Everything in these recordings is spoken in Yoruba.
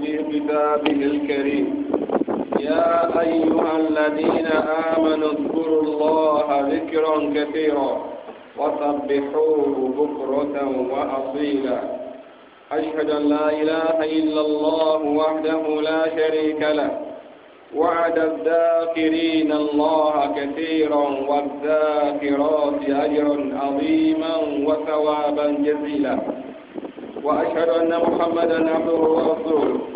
في كتابه الكريم يا أيها الذين آمنوا اذكروا الله ذكرا كثيرا وسبحوه بكرة وأصيلا أشهد أن لا إله إلا الله وحده لا شريك له وعد الذاكرين الله كثيرا والذاكرات أجرا عظيما وثوابا جزيلا وأشهد أن محمدا عبده ورسوله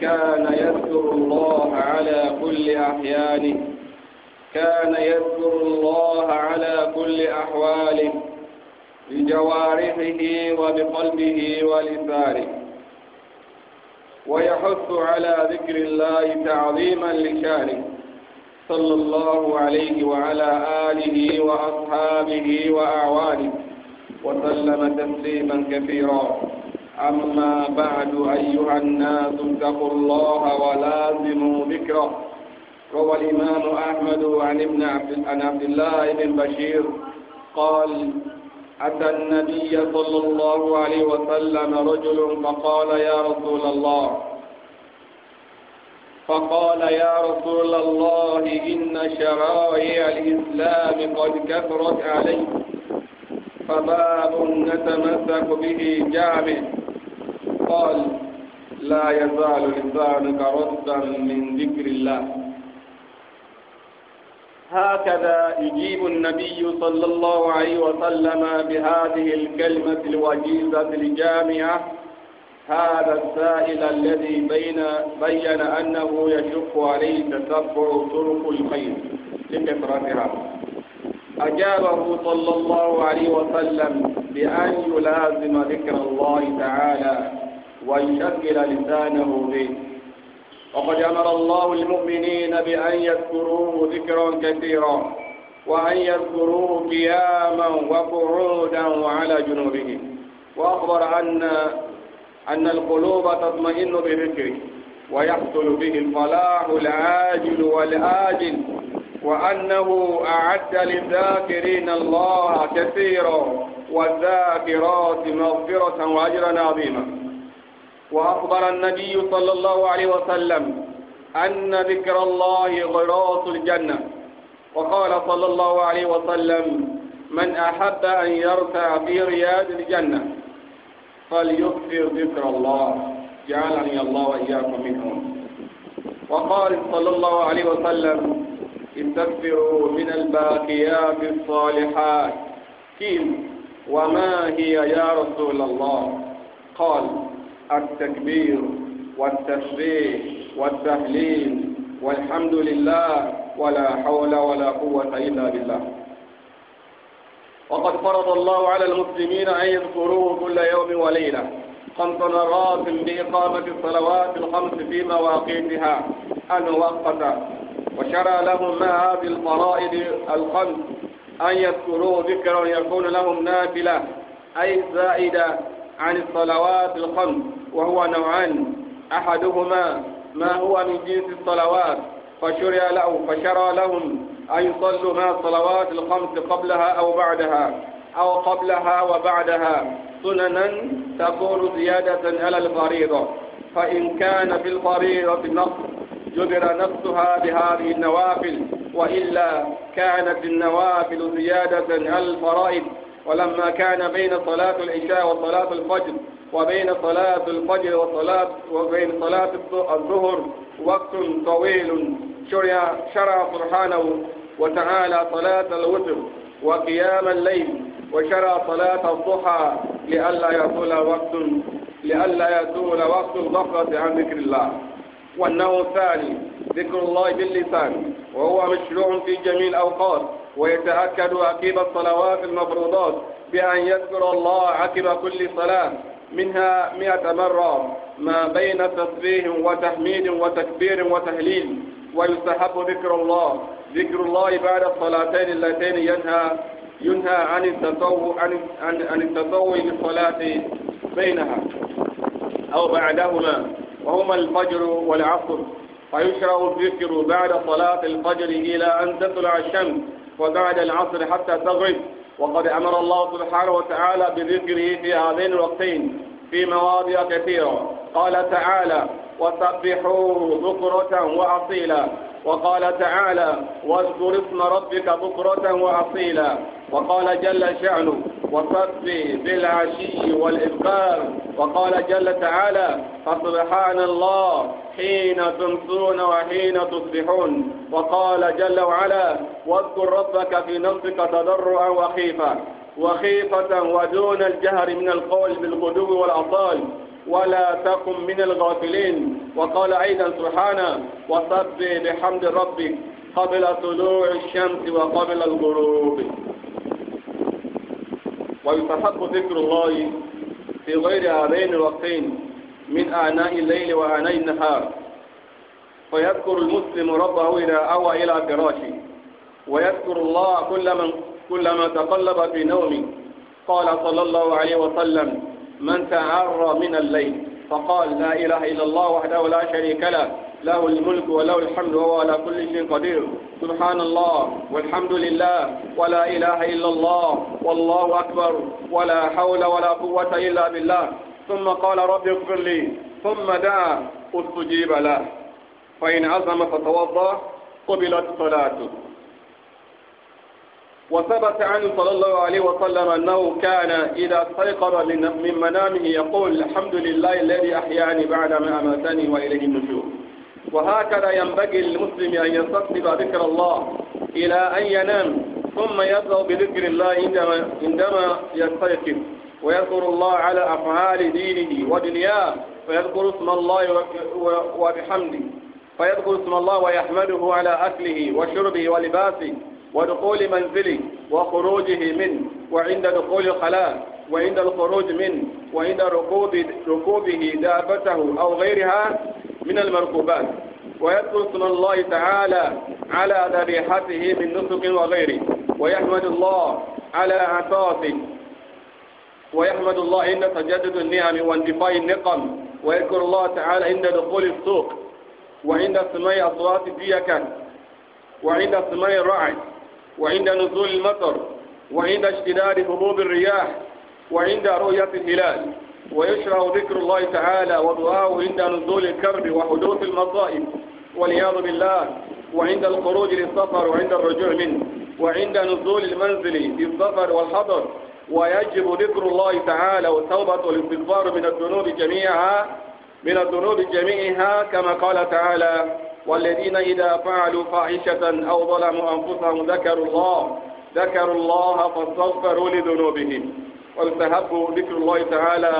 كان يذكر الله على كل أحيانه كان يذكر الله على كل أحواله بجوارحه وبقلبه ولسانه ويحث على ذكر الله تعظيما لشانه صلى الله عليه وعلى آله وأصحابه وأعوانه وسلم تسليما كثيرا أما بعد أيها الناس اتقوا الله ولازموا ذكره روى الإمام أحمد عن ابن عن عبد الله بن بشير قال أتى النبي صلى الله عليه وسلم رجل فقال يا رسول الله فقال يا رسول الله إن شرائع الإسلام قد كثرت علي فباب نتمسك به جامد قال لا يزال لسانك ردا من ذكر الله هكذا يجيب النبي صلى الله عليه وسلم بهذه الكلمة الوجيزة الجامعة هذا السائل الذي بين بين أنه يشق عليه تتبع طرق الخير لكثرتها أجابه صلى الله عليه وسلم بأن يلازم ذكر الله تعالى ويشكل لسانه به وقد أمر الله المؤمنين بأن يذكروه ذكرا كثيرا وأن يذكروه قياما وقعودا وعلى جنوبهم وأخبر أن أن القلوب تطمئن بذكره ويحصل به الفلاح العاجل والآجل وأنه أعد للذاكرين الله كثيرا والذاكرات مغفرة وأجرا عظيما وأخبر النبي صلى الله عليه وسلم أن ذكر الله غراس الجنة وقال صلى الله عليه وسلم من أحب أن يرتع في رياض الجنة فليكثر ذكر الله جعلني الله وإياكم منهم وقال صلى الله عليه وسلم استكبروا من الباقيات الصالحات قيل وما هي يا رسول الله قال التكبير والتسبيح والتهليل والحمد لله ولا حول ولا قوة إلا بالله وقد فرض الله على المسلمين أن يذكروه كل يوم وليلة خمس مرات بإقامة الصلوات الخمس في مواقيتها المؤقتة وشرع لهم ما هذه الفرائض الخمس أن يذكروه ذكرا يكون لهم نافلة أي زائدة عن الصلوات الخمس وهو نوعان أحدهما ما هو من جنس الصلوات فشرع له فشرع لهم أن يصلوا ما الصلوات الخمس قبلها أو بعدها أو قبلها وبعدها سننا تكون زيادة على الفريضة فإن كان في الفريضة نقص جبر نقصها بهذه النوافل وإلا كانت النوافل زيادة على الفرائض ولما كان بين صلاة العشاء وصلاة الفجر وبين صلاة الفجر وصلاة وبين صلاة الظهر وقت طويل شرع شرع سبحانه وتعالى صلاة الوتر وقيام الليل وشرع صلاة الضحى لئلا يطول وقت لئلا يطول وقت الغفلة عن ذكر الله والنوع الثاني ذكر الله باللسان وهو مشروع في جميع الأوقات ويتأكد عقب الصلوات المفروضات بأن يذكر الله عقب كل صلاة منها مئة مرة ما بين تسبيح وتحميد وتكبير وتهليل ويستحب ذكر الله ذكر الله بعد الصلاتين اللتين ينهى ينهى عن التطوع عن عن, عن التطوع للصلاة بينها أو بعدهما وهما الفجر والعصر فيشرع الذكر بعد صلاة الفجر إلى أن تطلع الشمس وبعد العصر حتى تغرب وقد أمر الله سبحانه وتعالى بذكره في هذين الوقتين في مواضع كثيرة قال تعالى وسبحوه بكرة وأصيلا وقال تعالى واذكر اسم ربك بكرة وأصيلا وقال جل شعله وصف بالعشي والإبكار وقال جل تعالى فسبحان الله حين تمسون وحين تصبحون وقال جل وعلا واذكر ربك في نفسك تضرعا وخيفة وخيفة ودون الجهر من القول بالغدو والأطال ولا تكن من الغافلين وقال أيضا سبحانه وصف بحمد ربك قبل طلوع الشمس وقبل الغروب ويستحق ذكر الله في غير هذين الوقتين من آناء الليل وآناء النهار فيذكر المسلم ربه إذا أوى إلى فراشه ويذكر الله كلما كلما تقلب في نومه قال صلى الله عليه وسلم من تعرى من الليل فقال لا إله إلا الله وحده لا شريك له له الملك وله الحمد وهو على كل شيء قدير سبحان الله والحمد لله ولا إله إلا الله والله أكبر ولا حول ولا قوة إلا بالله ثم قال رب اغفر لي ثم دعا استجيب له فإن عزم فتوضأ قبلت صلاته وثبت عنه صلى الله عليه وسلم أنه كان إذا استيقظ من منامه يقول الحمد لله الذي أحياني بعد ما أماتني وإليه النشور وهكذا ينبغي للمسلم أن يستصحب ذكر الله إلى أن ينام ثم يبدأ بذكر الله عندما عندما يستيقظ ويذكر الله على أفعال دينه ودنياه فيذكر اسم الله وبحمده فيذكر اسم الله ويحمده على أكله وشربه ولباسه ودخول منزله وخروجه منه وعند دخول الخلاء وعند الخروج منه وعند ركوب ركوبه دابته أو غيرها من المركوبات ويذكر اسم الله تعالى على ذبيحته من نسك وغيره ويحمد الله على عطاته ويحمد الله إن تجدد النعم واندفاع النقم ويذكر الله تعالى عند دخول السوق وعند سماع أصوات ديكا وعند سماع الرعد وعند نزول المطر وعند اشتداد هبوب الرياح وعند رؤية الهلال ويشرع ذكر الله تعالى ودعاءه عند نزول الكرب وحدوث المصائب والعياذ بالله وعند الخروج للسفر وعند الرجوع منه وعند نزول المنزل في السفر والحضر ويجب ذكر الله تعالى والتوبة والاستغفار من الذنوب جميعها من الذنوب جميعها كما قال تعالى والذين إذا فعلوا فاحشة أو ظلموا أنفسهم ذكروا الله ذكروا الله فاستغفروا لذنوبهم والتهب ذكر الله تعالى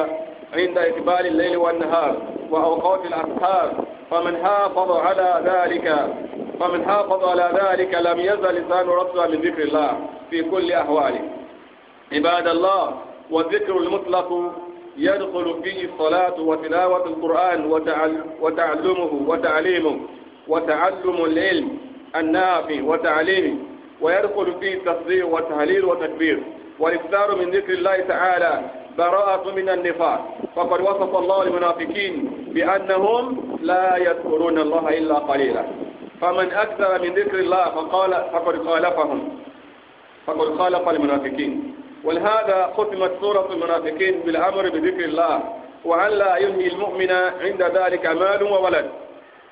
عند إقبال الليل والنهار وأوقات الأسحار فمن حافظ على ذلك فمن حافظ على ذلك لم يزل لسان رسول من ذكر الله في كل أحواله عباد الله والذكر المطلق يدخل فيه الصلاة وتلاوة القرآن وتعلمه وتعليمه وتعلم العلم النافي وتعليمه ويدخل فيه التصدير والتهليل والتكبير والإكثار من ذكر الله تعالى براءة من النفاق فقد وصف الله المنافقين بأنهم لا يذكرون الله إلا قليلا فمن أكثر من ذكر الله فقال فقد خالفهم فقد خالف المنافقين ولهذا ختمت سورة المنافقين بالأمر بذكر الله وأن لا ينهي المؤمن عند ذلك مال وولد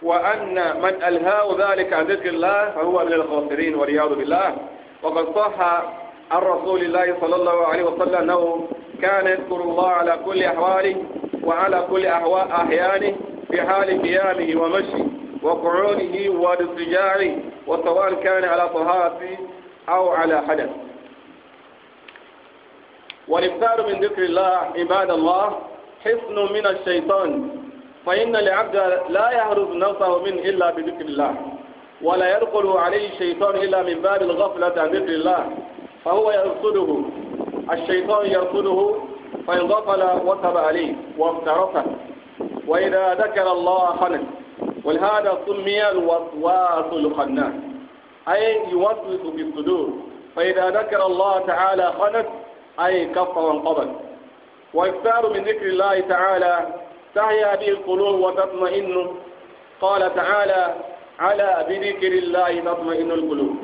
وأن من ألهاه ذلك عن ذكر الله فهو من الخاسرين والعياذ بالله وقد صح عن رسول الله صلى الله عليه وسلم أنه كان يذكر الله على كل أحواله وعلى كل أحوال أحيانه في حال قيامه ومشي وقعوده واضطجاعه وسواء كان على طهارة أو على حدث والإكثار من ذكر الله عباد الله حصن من الشيطان فإن العبد لا يهرب نفسه من إلا بذكر الله ولا يدخل عليه الشيطان إلا من باب الغفلة عن ذكر الله فهو يرصده الشيطان يرصده فإن غفل وتب عليه وافترفه وإذا ذكر الله خنس والهذا سمي الوسواس الخناس أي يوسوس في الصدور فإذا ذكر الله تعالى خنس أي كف وانقبض واكثار من ذكر الله تعالى تحيا به القلوب وتطمئن قال تعالى على بذكر الله تطمئن القلوب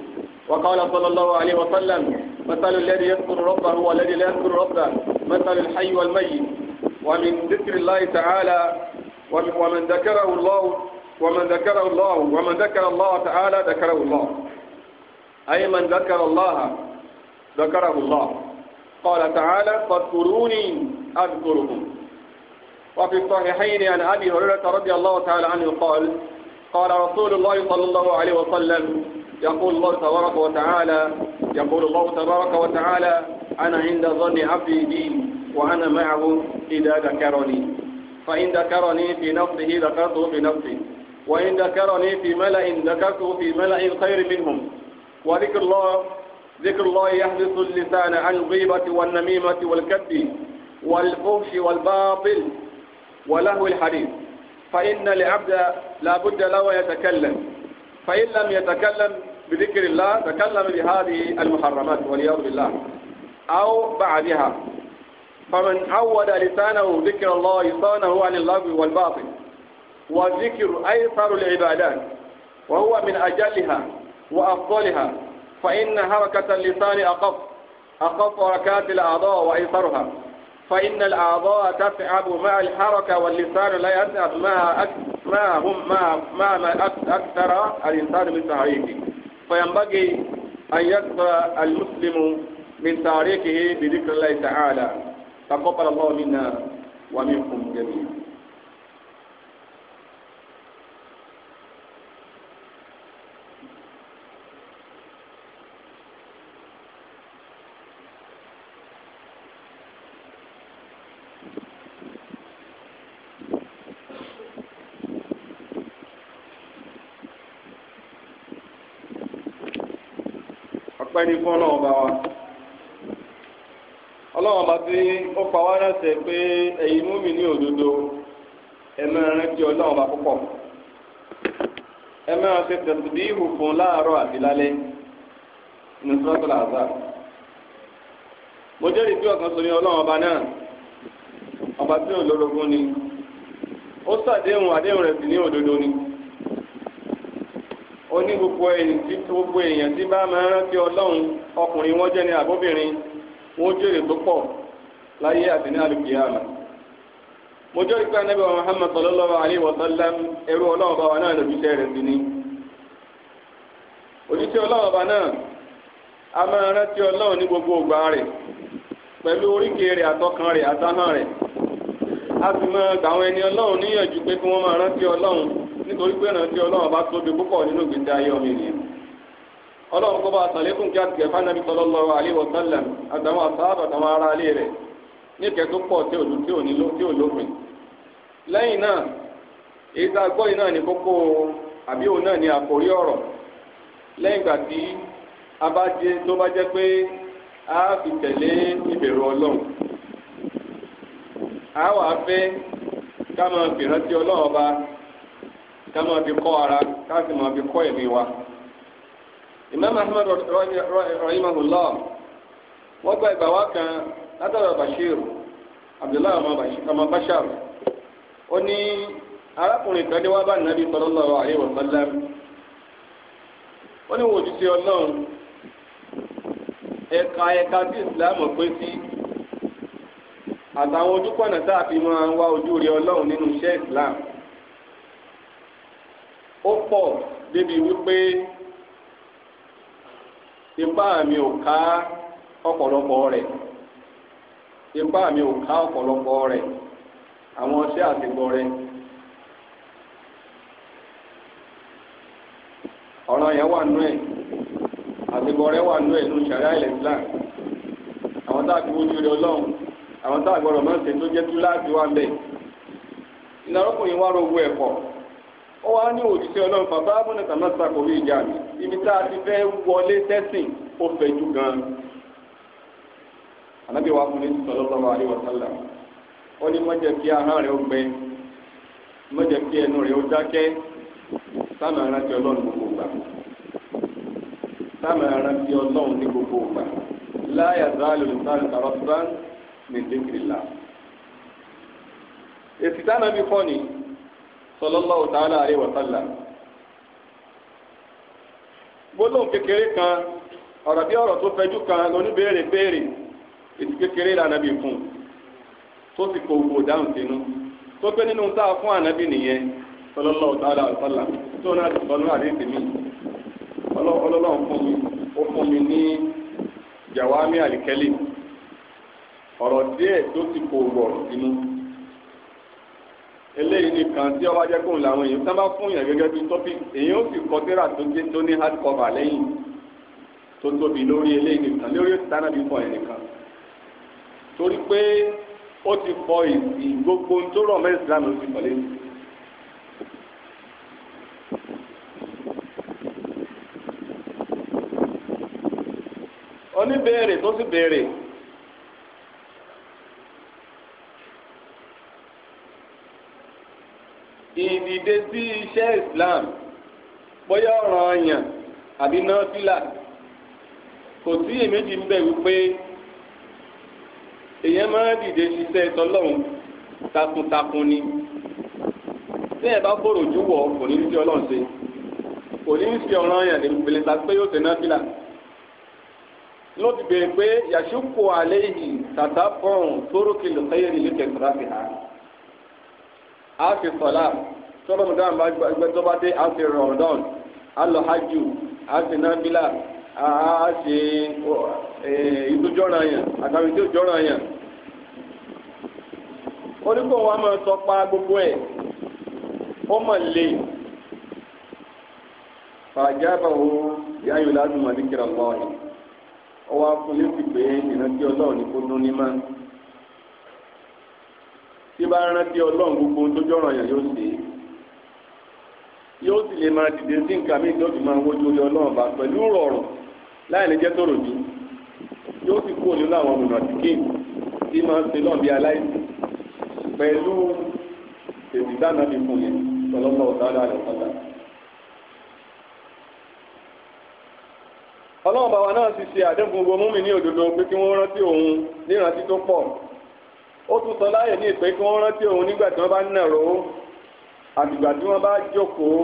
وقال صلى الله عليه وسلم مثل الذي يذكر ربه والذي لا يذكر ربه مثل الحي والميت ومن ذكر الله تعالى ومن ذكره الله ومن ذكره الله ومن ذكر الله تعالى ذكره الله أي من ذكر الله ذكره الله قال تعالى فاذكروني أذكركم وفي الصحيحين عن أبي هريرة رضي الله تعالى عنه قال قال رسول الله صلى الله عليه وسلم يقول الله تبارك وتعالى يقول الله تبارك وتعالى أنا عند ظن عبدي بي وأنا معه إذا ذكرني فإن ذكرني في نفسه ذكرته في نفسي وإن ذكرني في ملأ ذكرته في ملأ خير منهم وذكر الله ذكر الله يحدث اللسان عن الغيبة والنميمة والكذب والفحش والباطل ولهو الحديث فإن العبد لا بد له يتكلم فإن لم يتكلم بذكر الله تكلم بهذه المحرمات والعياذ بالله أو بعدها فمن عود لسانه ذكر الله لسانه عن اللغو والباطل والذكر أيسر العبادات وهو من أجلها وأفضلها فإن حركة اللسان أخف أخف حركات الأعضاء وأيسرها فإن الأعضاء تتعب مع الحركة واللسان لا يتعب ما أكثر ما هم ما ما, ما أكثر الإنسان من تحريكه فينبغي أن يكفى المسلم من تاريخه بذكر الله تعالى تقبل الله منا ومنكم جميعا ọpẹ́ ní fún ọlọ́run bá wa ọlọ́run bá tí ó pa wá rẹ̀sẹ̀ pé ẹ̀yin mú mi ní òdodo ẹ máa rántí ọlọ́run bá púpọ̀ ẹ máa ṣe tẹ̀síbí ìhù fún láàárọ̀ àti lálẹ́ ní sọ́tòlá àzá mo jẹ́rìí pé ọ̀kan sọ ní ọlọ́run ọba náà ọba tí ò lórogún ni ó ṣàdéhùn àdéhùn rẹ̀ sì ní òdodo ni. oní gbogbo ẹni tí gbogbo èèyàn tí bá máa rántí ọlọ́run ọkùnrin wọn jẹ́ ní àbóbìnrin wọn jèrè tó pọ̀ láyé àti ní àlùkìyàmà mo jẹ́rìí pé anábẹ́ wa Muhammad sallallahu alayhi wa ẹrú ọlọ́run bá wa náà rẹ̀ sí ni ọlọ́run bá náà a máa rántí ọlọ́run ní gbogbo ògbà rẹ̀ pẹ̀lú oríkèé rẹ̀ àtọkàn rẹ̀ rẹ̀ a sì máa gbà àwọn ẹni ọlọ́run níyànjú pé kí wọ́n máa rántí nítorí pé tí ọlọ́run bá tóbi púpọ̀ nínú ìgbésí ayé ọmọ ènìyàn ọlọ́run kó bá sàlékún kí àtìkẹ́ fáńdàbí sallallahu alaihi wa àtàwọn àtàwọn ará alé rẹ̀ ní ìkẹ́ tó pọ̀ tí tí òní tí lẹ́yìn náà èyí tá a gbọ́ yìí náà ní kókó àbí òun náà ní àkórí a bá jẹ tó bá a fi tẹ̀lé ìbẹ̀rù ọlọ́run a wà ọba ká máa fi kọ́ ara ká sì máa fi kọ́ ẹ̀mí wa. Imam Ahmad rahimahullah wọ́n gba ìgbà wá kan látara Bashir Abdullahi ọmọ Bashar ó ní arákùnrin kan dé wá bá nàbí sallallahu alaihi wa sallam ó ní wo ojúṣe Ọlọ́run ẹ̀ka ẹ̀ka tí ìsìláàmù pé sí àtàwọn ojúkọ̀nà tá a fi máa ń wá ojú rí Ọlọ́run nínú iṣẹ́ ìsìláàmù pọ̀ débi wípé ipá mi ò ká ọ̀pọ̀lọpọ̀ rẹ̀ ipá mi ò ká ọ̀pọ̀lọpọ̀ rẹ̀ àwọn ọṣẹ àtìgbọ rẹ̀. ọ̀rọ̀ yẹn wà nú ẹ̀ àtìgbọ rẹ̀ wà nú ẹ̀ nù sàrẹ́ ilẹ̀ Islam àwọn tá a fi wojú rẹ̀ ọlọ́run àwọn tá a gbọ́dọ̀ mọ̀ ṣe tó jẹ́ túláàbí wà ń bẹ̀. ìnáwó kò ní wá rogbo ẹ̀kọ́ ó wá ní òjíṣẹ́ ọlọ́run bàbá abúlé tàmásà kò rí ìjà mi ibi tá a ti fẹ́ wọlé tẹ́sìn ó fẹ́ jù gan-an. ànábì wa fún mi sallallahu alaihi wasallam ó ní má jẹ́ kí ahọ́n rẹ̀ ó gbẹ má kí ẹnu rẹ̀ ó dákẹ́ sáàmì arántí ọlọ́run gbogbo gbà sáàmì arántí ọlọ́run ní gbogbo gbà láyà záàlù lùsàlù tàrọ́sán ní èsì táwọn ẹbí ni. sallallahu ta'ala alaihi wa sallam gbólóhùn kékeré kan ọ̀rọ̀ bí ọ̀rọ̀ tó fẹjú kan lóníbèrè béèrè ètò kékeré fún tó sì kò wò dáhùn sínú tó pé nínú tá a fún ànábì nìyẹn sallallahu ta'ala alaihi tó náà ti sọ àdéhùn jawami ọ̀rọ̀ díẹ̀ tó sì eléyìí nìkan tí ọba jẹ́ kóun làwọn èèyàn sábà fún yàn gẹ́gẹ́ bíi topic èèyàn ó sì kọ tẹ́rà tó dé tó ní hard cover lẹ́yìn tó tóbi lórí eléyìí nìkan lórí ìtànà bí fọ yẹn nìkan torí pé ó ti fọ ìsì gbogbo tó rọ̀ mẹ́ ìsìlámù ó ti fọ lẹ́yìn. oníbèrè tó sì béèrè. ìdìde sí iṣẹ́ Islam bóyá ọ̀ràn ọ̀yàn àbí nọ́fìlà kò sí èméjì ń bẹ̀ wípé èèyàn máa dìde ṣiṣẹ́ tọlọ́hun takuntakun ni tí ẹ bá fòrò jù wọ̀ kò ní fi ọlọ́run ṣe kò ní fi ọ̀ràn ọ̀yàn ní ìpele ta pé yóò ṣe nọ́fìlà ló ti bèèrè pé yàtúkọ̀ àléyìn tàtàkùn tórókìlù kẹ́yẹ̀rì lè kẹ̀kọ́ láti hà á á fi sọ̀lá tọ́lọ́ ramadan bá gbẹ tó bá dé á fi ramadan á lọ hajj á fi nábìlà á ṣe eh, ìdójọ́ra yẹn àtàwọn ìdójọ́ra yẹn onígbò wa máa sọ pa gbogbo ẹ̀ ó mọ̀ lé fàjábàwò yáyọ̀ ládùn màdìkìrà lọ́ọ̀yìn ọwọ́ afúnlé ti pé ìrántí ọlọ́run ní kó dún ní máa tí bá rántí ọlọ́run gbogbo tó jọ̀ràn yàn yóò ṣe yóò sì lè máa dìde sí nǹkan mi tó fi máa wojú orí ọlọ́run bá pẹ̀lú rọrùn láì ní jẹ́ tòrò jù yóò sì kúrò nínú àwọn ọmọ nàìjíríà tí máa ń ṣe lọ́ọ̀bí aláìsí pẹ̀lú èsì dáná fi fún yẹn tọ́lọ́pọ̀ ọ̀tá rẹ̀ ọ̀tá. ọlọ́run bàbá náà ti ṣe àdéhùn gbogbo múmi ní òdodo pé kí wọ́n rántí òun ní ìrántí tó pọ̀ ó tún sọ láyè ní ìpè kí wọ́n rántí òun nígbà tí wọ́n bá ń nàró àdìgbà tí wọ́n bá jókòó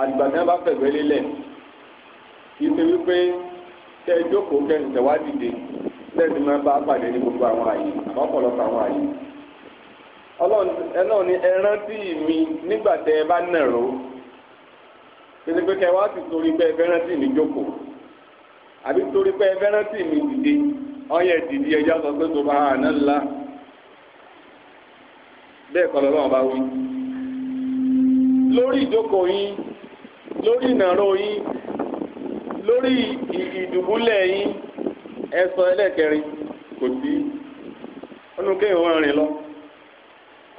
àdìgbà tí wọ́n bá fẹ̀gbẹ́ lélẹ̀ kì wípé kẹ́ ẹ jókòó kẹ́ ẹ tẹ̀wá máa bá pàdé ní gbogbo àwọn àyè àmọ́ ọ̀pọ̀lọpọ̀ àwọn àyè ọlọ́run ni ẹ rántí mi nígbà tẹ ẹ bá nàró tètè pé kẹ́ wá torí pé ẹ fẹ́ rántí mi jókòó àbí torí pé ẹ fẹ́ rántí mi dìde ọyẹ dìde ẹjọ́ sọ pé tó bá hàn náà bẹ́ẹ̀ kọ́ lọ́wọ́ bá wí. lórí ìjókòó yín lórí ìnáró yín lórí ìdùbúlẹ̀ yín ẹ̀sọ́ ẹlẹ́kẹrin kò sí ọdún kéèyàn wọn rìn lọ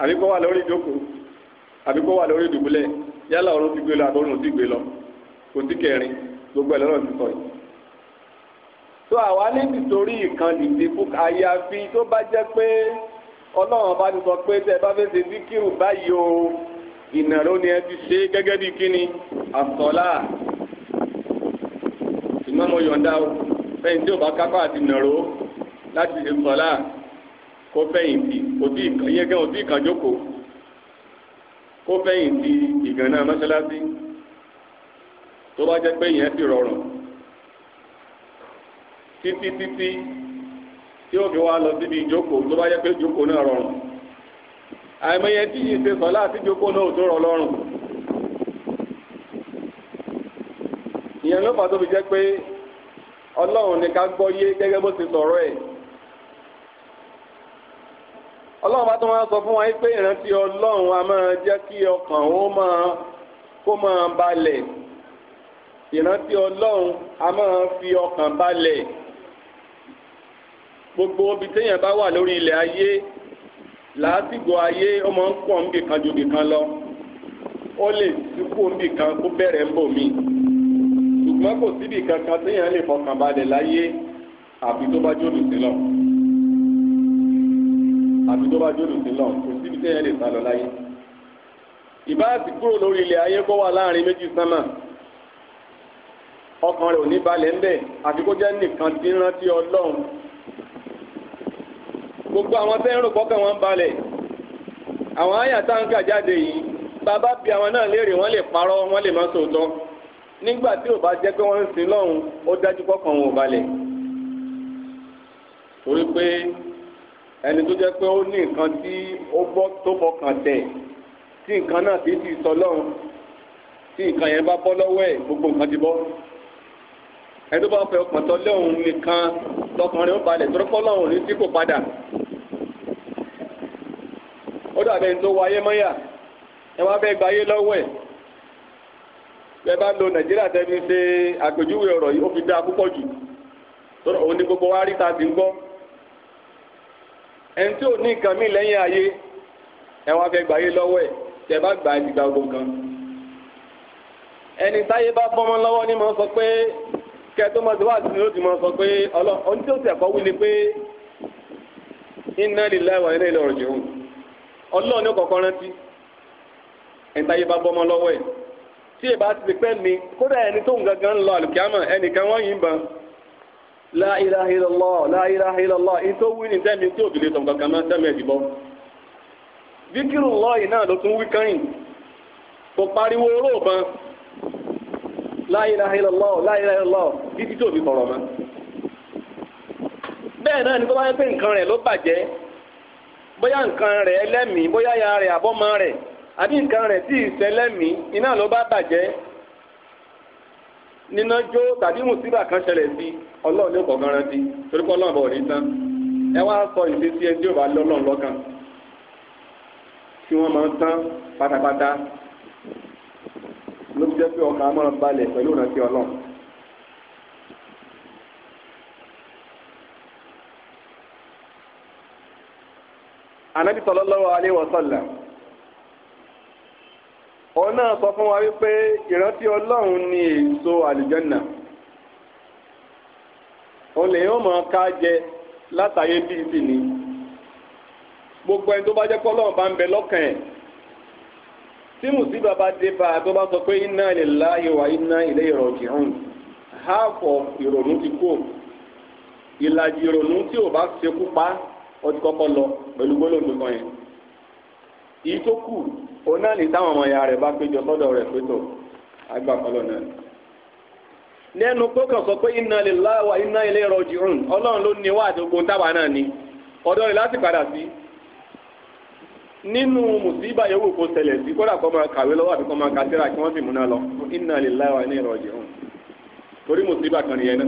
àbí kó wà lórí ìjókòó àbí kó wà lórí ìdùbúlẹ̀ yálà ọ̀run ti gbé lọ àbọ̀run ti gbé lọ kò sí kẹrin gbogbo ẹ̀ lọ́rọ̀ ti sọ yìí tó àwa ní tìtorí ìkànnì ti àyàfi tó bá jẹ́ pé ọlọ́run bá ti sọ pé tẹ́ ẹ bá fẹ́ ṣe díkìrù báyìí o ìnàró ni ẹ ti ṣe gẹ́gẹ́ bí kíni àsọlá ìmọ̀ mo yọ̀ǹda o fẹ́yìn tí o bá kápá àti ìnàró láti ṣe sọlá kó fẹ́yìn tì òbí ìyẹn gẹ́ òbí ìkànjókòó kó fẹ́yìn tì ìgànnà mọ́ṣáláṣí tó bá jẹ́ pé ìyẹn ti rọrùn títí títí. tí ó fi wá lọ síbi ìjókòó tó bá yẹ pé ìjókòó náà rọrùn àìmọye tí yìí ṣe sọlá àti ìjókòó náà tó rọ lọ́rùn ìyẹn ló fà tó fi jẹ́ pé ọlọ́run ni ká gbọ́ yé bó ti bá tó sọ fún wa pé ìrántí a máa kí ọkàn ó máa kó máa ìrántí a máa fi ọkàn gbogbo ibi téèyàn bá wà lórí ilẹ̀ ayé làásìgbò ayé ọmọ ń pọ̀ níbi kan ju ibìkan lọ ó lè síkú níbi kan kó bẹ̀rẹ̀ ń bò mí ṣùgbọ́n kò síbi kankan téèyàn lè fọkàn balẹ̀ láyé àfi tó bá jòlù sí lọ àfi tó bá jòlù sí lọ kò síbi téèyàn lè sá lọ láyé ìbáàsì kúrò lórí ilẹ̀ ayé kó wà láàrin méjì sánmà ọkàn rẹ̀ ò ní balẹ̀ ńbẹ̀ àfi kó jẹ́ nìkan tí ń rántí ọlọ́run gbogbo àwọn tẹ́ ń rò pọ́kàn wọn balẹ̀ àwọn àyà tá ń kà jáde yìí bàbá bí àwọn náà léèrè wọ́n lè parọ́ wọ́n lè má sòótọ́ nígbà tí ò bá jẹ́ pé wọ́n ń sin lọ́hùn ó dájú pọ́kàn wọn ò balẹ̀ torí pé ẹni tó jẹ́ pé ó ní nǹkan tí ó gbọ́ tó fọkàn tẹ̀ tí nǹkan náà kì ti sọ lọ́hùn tí nǹkan yẹn bá bọ́ lọ́wọ́ ẹ̀ gbogbo nǹkan ti bọ́ ẹni tó bá fẹ́ ọkàn tọ́ lẹ́hùn nìkan lọ́kàn rẹ̀ ń balẹ̀ tó rọ́pọ́ lọ́hùn ní tí kò padà ó dàbí ẹni tó wáyé mọ́yà ẹ wá bẹ́ẹ̀ gbáyé lọ́wọ́ ẹ̀ bẹ́ẹ̀ bá lo nàìjíríà tẹ́bi ṣe àpèjúwe ọ̀rọ̀ yìí ó fi dáa púpọ̀ jù tọ́rọ̀ òun ni gbogbo wa rí ta ti ń gbọ́ ẹni tí ò ní nǹkan mí lẹ́yìn ayé ẹ wá fẹ́ gbáyé lọ́wọ́ ẹ̀ ẹni táyé bá bọ́mọ lọ́wọ́ ni mo sọ pé kẹtọ́ mọ́ síwájú ni ó ti mọ sọ pé ọlọ́run ohun tí ó ti ẹ̀kọ́ wí ni pé inna lillahi wa inna ilaihi raji'un ọlọ́run ní kọ̀ọ̀kan rántí ti ti pẹ́ mi kódà ẹni tó ń gangan lọ àlùkìámọ̀ ẹnìkan wọ́n yìí ń bọ̀ la ilaha la wí ní sẹ́mi tí òbí lè máa náà ló tún wí kò pariwo la ilaha illallah la ilaha illallah títí tí òbí kọ̀rọ̀ bẹ́ẹ̀ náà ni bá yẹ pé nǹkan rẹ̀ ló bàjẹ́ bóyá nǹkan rẹ̀ ẹlẹ́mìí bóyá ya rẹ̀ àbọ́mọ rẹ̀ àbí nǹkan rẹ̀ tí ìsẹlẹ́mìí iná ló bá bàjẹ́ tàbí mùsíbà kan ṣẹlẹ̀ sí ẹ wá sọ tí ò bá jẹ́ pé ọkàn amọ̀ràn balẹ̀ pẹ̀lú ìrántí ọlọ́run. anabi sallallahu alaihi wasallam òun náà sọ fún wa wípé ìrántí ọlọ́run ni èso àlùjànnà òun lèyìn ó máa ká jẹ látàyé bíi sì ni gbogbo ẹni tó bá jẹ́ pé ọlọ́run bá ń bẹ lọ́kàn ẹ̀ tí mùsíbà bá dé bá a tó bá sọ pé inna lillahi wa inna ilayhi raji'un háàfọ̀ ìrònú ti kó ìlàjì ìrònú tí ò bá ṣekú pa ó ti kọ́kọ́ lọ pẹ̀lú gbólóògbé kan yẹn èyí tó kù òun náà ní táwọn ọmọ ìyá rẹ̀ bá péjọ sọ́dọ̀ rẹ̀ pétọ̀ àgbà kọlọ̀ náà lẹ́nu pé kàn sọ pé inna lillahi wa inna ilayhi raji'un ọlọ́run ló ní wá nínú mùsíbà yẹwò kó ṣẹlẹ̀ sí kódà kó máa kàwé lọ́wọ́ àbí kó máa ka síra kí wọ́n sì múná lọ inna lillahi wa inna ilaihi raji'un torí mùsíbà kan nìyẹn náà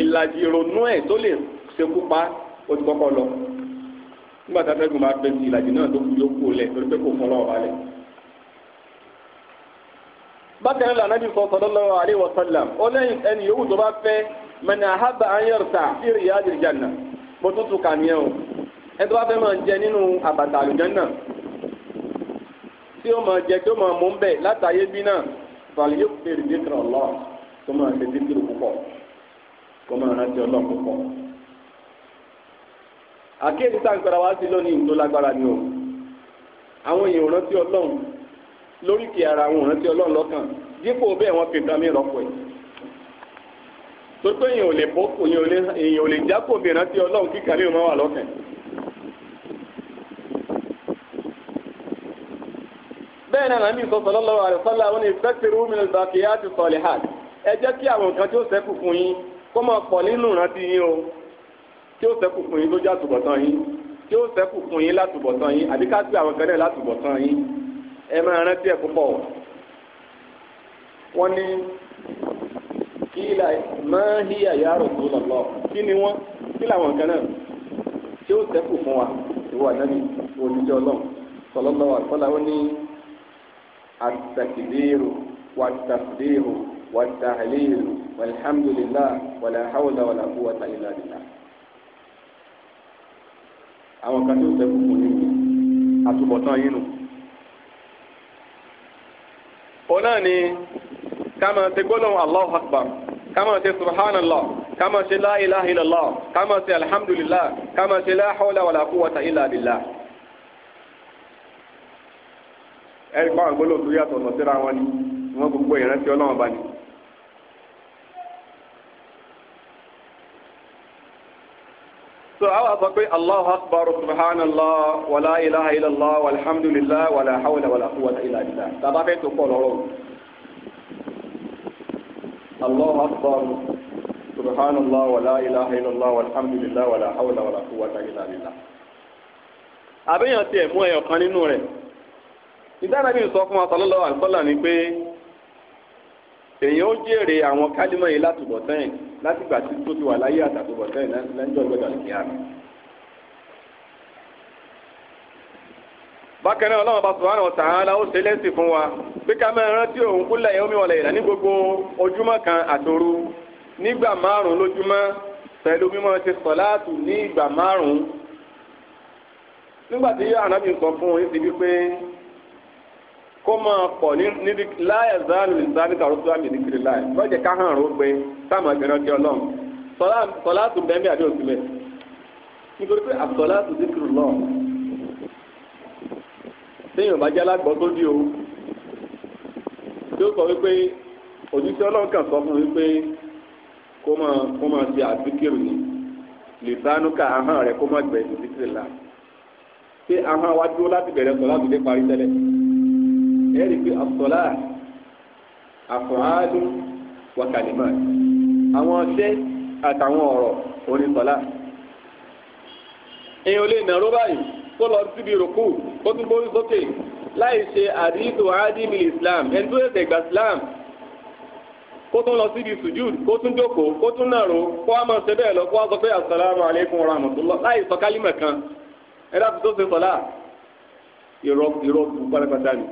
ìlàjì ìrònú ẹ̀ tó lè ṣekú pa ó ti kọ́kọ́ lọ nígbà tá a fẹ́ gùn bá fẹ́ ti ìlàjì náà tó kú yóò kú lẹ̀ torí pé kò fọ́ lọ́wọ́ balẹ̀ bákan náà lànà bí sọ sallallahu alaihi wa ẹni tó bá fẹ́ máa jẹ nínú àbàtà àlùjànnà tí ó máa jẹ tí ó máa mú ń bẹ̀ látàyé bí náà fàlẹ́ yóò fèrè dékìrà ọlọ́ tó máa ṣe dékìrì púpọ̀ kó máa rántí ọlọ́ púpọ̀. àkíyèsí táǹkàrà wá sí lónìí tó lágbára ni o àwọn èèyàn rántí ọlọ́run lóríkì ara wọn rántí ọlọ́run lọ́kàn dípò bẹ́ẹ̀ wọ́n fi nǹkan mi rọ́pò ẹ̀ tó tó èèyàn ò lè bọ́ èèyàn ò lè jápò bẹ́ẹ̀ náà nàbí sọ sallallahu alaihi wasallam ó ní fẹ́tìrú min al-baqiyati salihat ẹ jẹ́ kí àwọn nǹkan tí ó ṣẹ́kù fún yín kó máa pọ̀ nínú ìrántí yín o tí ó ṣẹ́kù fún yín lójú àtúbọ̀tán yín tí ó ṣẹ́kù fún yín látúbọ̀tán yín àbí ká sí àwọn kan náà látúbọ̀tán yín ẹ máa rántí ẹ̀ púpọ̀ wọ́n ní kíla máa ń híyà ya Rasulullah kí ni wọ́n kí làwọn nǹkan náà tí ó ṣẹ́kù fún wa ìwọ ànábì òjíṣẹ́ ọlọ́run sallallahu alaihi wasallam ó ní التكبير والتصديق والتهليل والحمد لله ولا حول ولا قوة إلا بالله àwọn kan tó sẹ́kù fún yín àtúbọ̀tán yín nù. òun náà ni ká máa ṣe gbólóhùn Allahu Akbar ká máa ṣe subhanallah ká máa ṣe la ilaha ká máa ṣe alhamdulillah ká máa ṣe la hawla wala quwwata ẹ̀rí pa àwọn gbólóhùn tó yàtọ̀ ọ̀nà síra wọn ni wọn gbogbo ìrántí ọlọ́run bá ní. so àwọn sọ pé allahu akbar subhanallah wala ilaha illallah walhamdulillah wala hawla wala quwwata illa billah tàbá fẹ́ tó pọ̀ lọ́rọ̀ allahu akbar subhanallah wala ilaha illallah walhamdulillah wala hawla wala quwwata illa billah. àbẹ̀yàn tiẹ̀ mú ẹyọ kan nínú rẹ̀ ìdáná bíi sọ fún wa sallallahu alaihi wasallam ni pé èèyàn ó jèrè àwọn kálímọ̀ yìí látùbọ̀ sẹ́yìn látìgbà tí tó ti wà láyé àtàtùbọ̀ sẹ́yìn lẹ́jọ́ ìgbẹ́jọ́ ní kíá. bákan náà ọlọ́run bá subhanahu wa ta'ala ó ṣe lẹ́sìn fún wa pé ká máa rántí òun kúlẹ̀ yẹn omi wọlé ìlà ní gbogbo ojúmọ́ kan àtòru nígbà márùn-ún lójúmọ́ pẹ̀lú mímọ́ ti sọ̀láàtù ní ìgbà márùn-ún nígbà tí anábì sọ kó máa pọ̀ níbi láyà záàlù ìsáàlì kàrọ́tù àmì ìdíkiri láyà lọ́jẹ̀ káhàn ró gbé sáàmù àgbẹ̀rán kí ọlọ́run sọlá tún bẹ́ẹ̀ bí àdé òsì bẹ́ẹ̀ nítorí pé àsọlá tún díkiri lọ téèyàn bá jẹ́ alágbọ́ tó dí o tí ó sọ wípé òjíṣẹ́ ọlọ́run kan sọ fún wípé kó máa kó máa ṣe àdíkiri ni lìsánú ká ahọ́n rẹ̀ kó máa gbẹ̀yìn díkiri láyà pé ahọ́n wájú láti bẹ̀rẹ̀ sọ láti dé parí tẹ́lẹ̀ ẹ̀rí pé àsọ̀lá àfọ̀hádù wàkàlímà àwọn ọṣẹ́ àtàwọn ọ̀rọ̀ onísọ̀lá. èèyàn lè nàró báyìí tó lọ síbi ìrókù ó tún gbórí sókè láì ṣe àdìsù ádìmì islam ẹni tó ṣẹ̀ṣẹ̀ gba islam kó tún lọ síbi sùjúd kó tún jókòó kó tún nàró kó wá máa ṣe bẹ́ẹ̀ lọ kó wá sọ pé asalaamu aleykum wa rahmatulah láì sọ kálímà kan ẹ tó ṣe sọlá ìrọ̀ pátápátá ni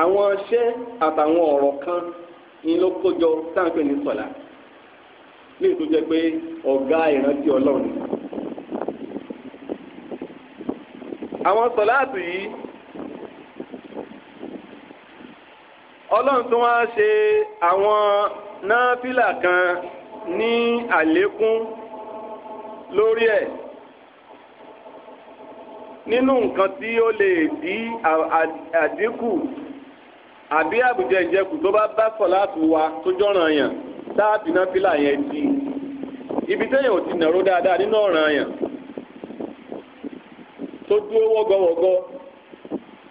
àwọn iṣẹ́ àtàwọn ọ̀rọ̀ kan ni ló kójọ sáńpẹ ní sọlá ní ètò jẹ́ pé ọ̀gá ìrántí Ọlọ́run àwọn sọláàtù yìí Ọlọ́run tún wá ṣe àwọn náfìlà kan ní àlékún lórí ẹ̀ nínú nǹkan tí ó lè dí àdínkù àbí àbùjá ìjẹkù tó bá bá fọ̀ láti wa tó jọ̀ràn yàn táàbì náà fílà yẹn di ibi téèyàn ò ti nàró dáadáa nínú ọ̀ràn yàn tó dúró wọ́gọ́wọ́gọ́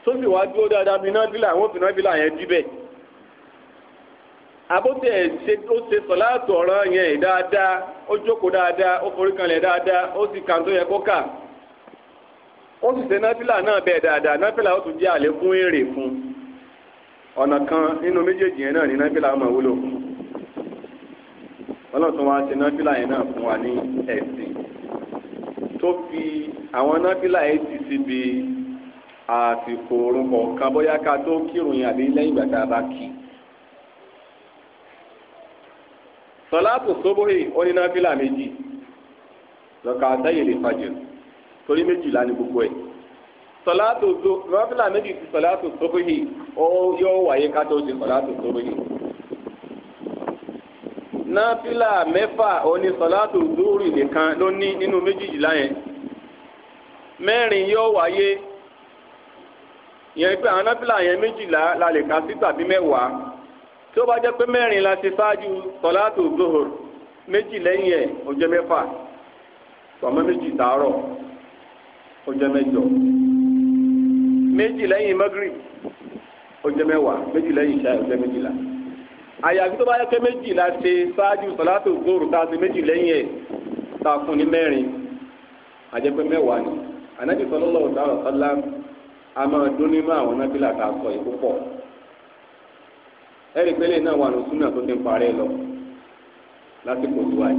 tó sì wá dúró dáadáa bí náà fílà àwọn òfin náà fílà yẹn di bẹ́ẹ̀ àbótẹ ṣe ó ṣe sọláàtọ̀ ọ̀ràn yẹn dáadáa ó jókòó dáadáa ó forí kanlẹ̀ dáadáa ó sì kà tó yẹ kó kà ó sì ṣe náfìlà náà bẹ́ẹ̀ dáadáa náfìlà ó tún jẹ́ àlékún èrè fún un ọ̀nà kan nínú méjèèjì yẹn náà ní náfìlà máa wúlò ọlọ́tún wa ṣe náfìlà yẹn náà fún wa ní ẹ̀sìn tó fi àwọn náfìlà yẹn ti síbi àsìkò orun kọ̀ọ̀kan bóyá ká tó kírun yẹn àbí lẹ́yìn ìgbà tá a bá kí i. sọláàtù sóbóhì ó ní náfìlà méjì lọ́ka àtẹ́yìn lè fàjẹ́ torí méjìlá ní gbogbo ẹ̀ sọláàtò tó rọ́bìlà méjì ti sọláàtò sóbìhì ó yóò wáyé ká tó di sọláàtò sóbìhì. náfìlà mẹ́fà òní sọláàtò zúrì nìkan ló ní nínú méjìlá yẹn mẹ́rin yóò wáyé yẹn pé àwọn náfìlà yẹn méjìlá la lè ka sí tàbí mẹ́wàá tí ó bá jẹ́ pé mẹ́rin la ti ṣáájú sọláàtò zohor méjì lẹ́yìn ẹ̀ ó jẹ́ mẹ́fà tọ̀mọ́ méjì tààrọ̀ ó jẹ́ mẹ́jọ méjì lẹ́yìn magrib ó jẹ́ mẹ́wàá méjì lẹ́yìn ìṣá ó jẹ́ méjìlá àyàfi tó bá yẹ pé méjìlá ṣe ṣáájú sọ̀látò zoro tá a ṣe méjì lẹ́yìn ẹ̀ tá a fún ní mẹ́rin a jẹ́ pé mẹ́wàá ni ànábì sallallahu ta'ala sallam a máa dún ní mọ́ àwọn nábìlà tá a sọ yìí púpọ̀ ẹ̀rí pẹ́lẹ́ náà wà lóṣù náà tó ti ń parẹ́ lọ lásìkò tó wáyé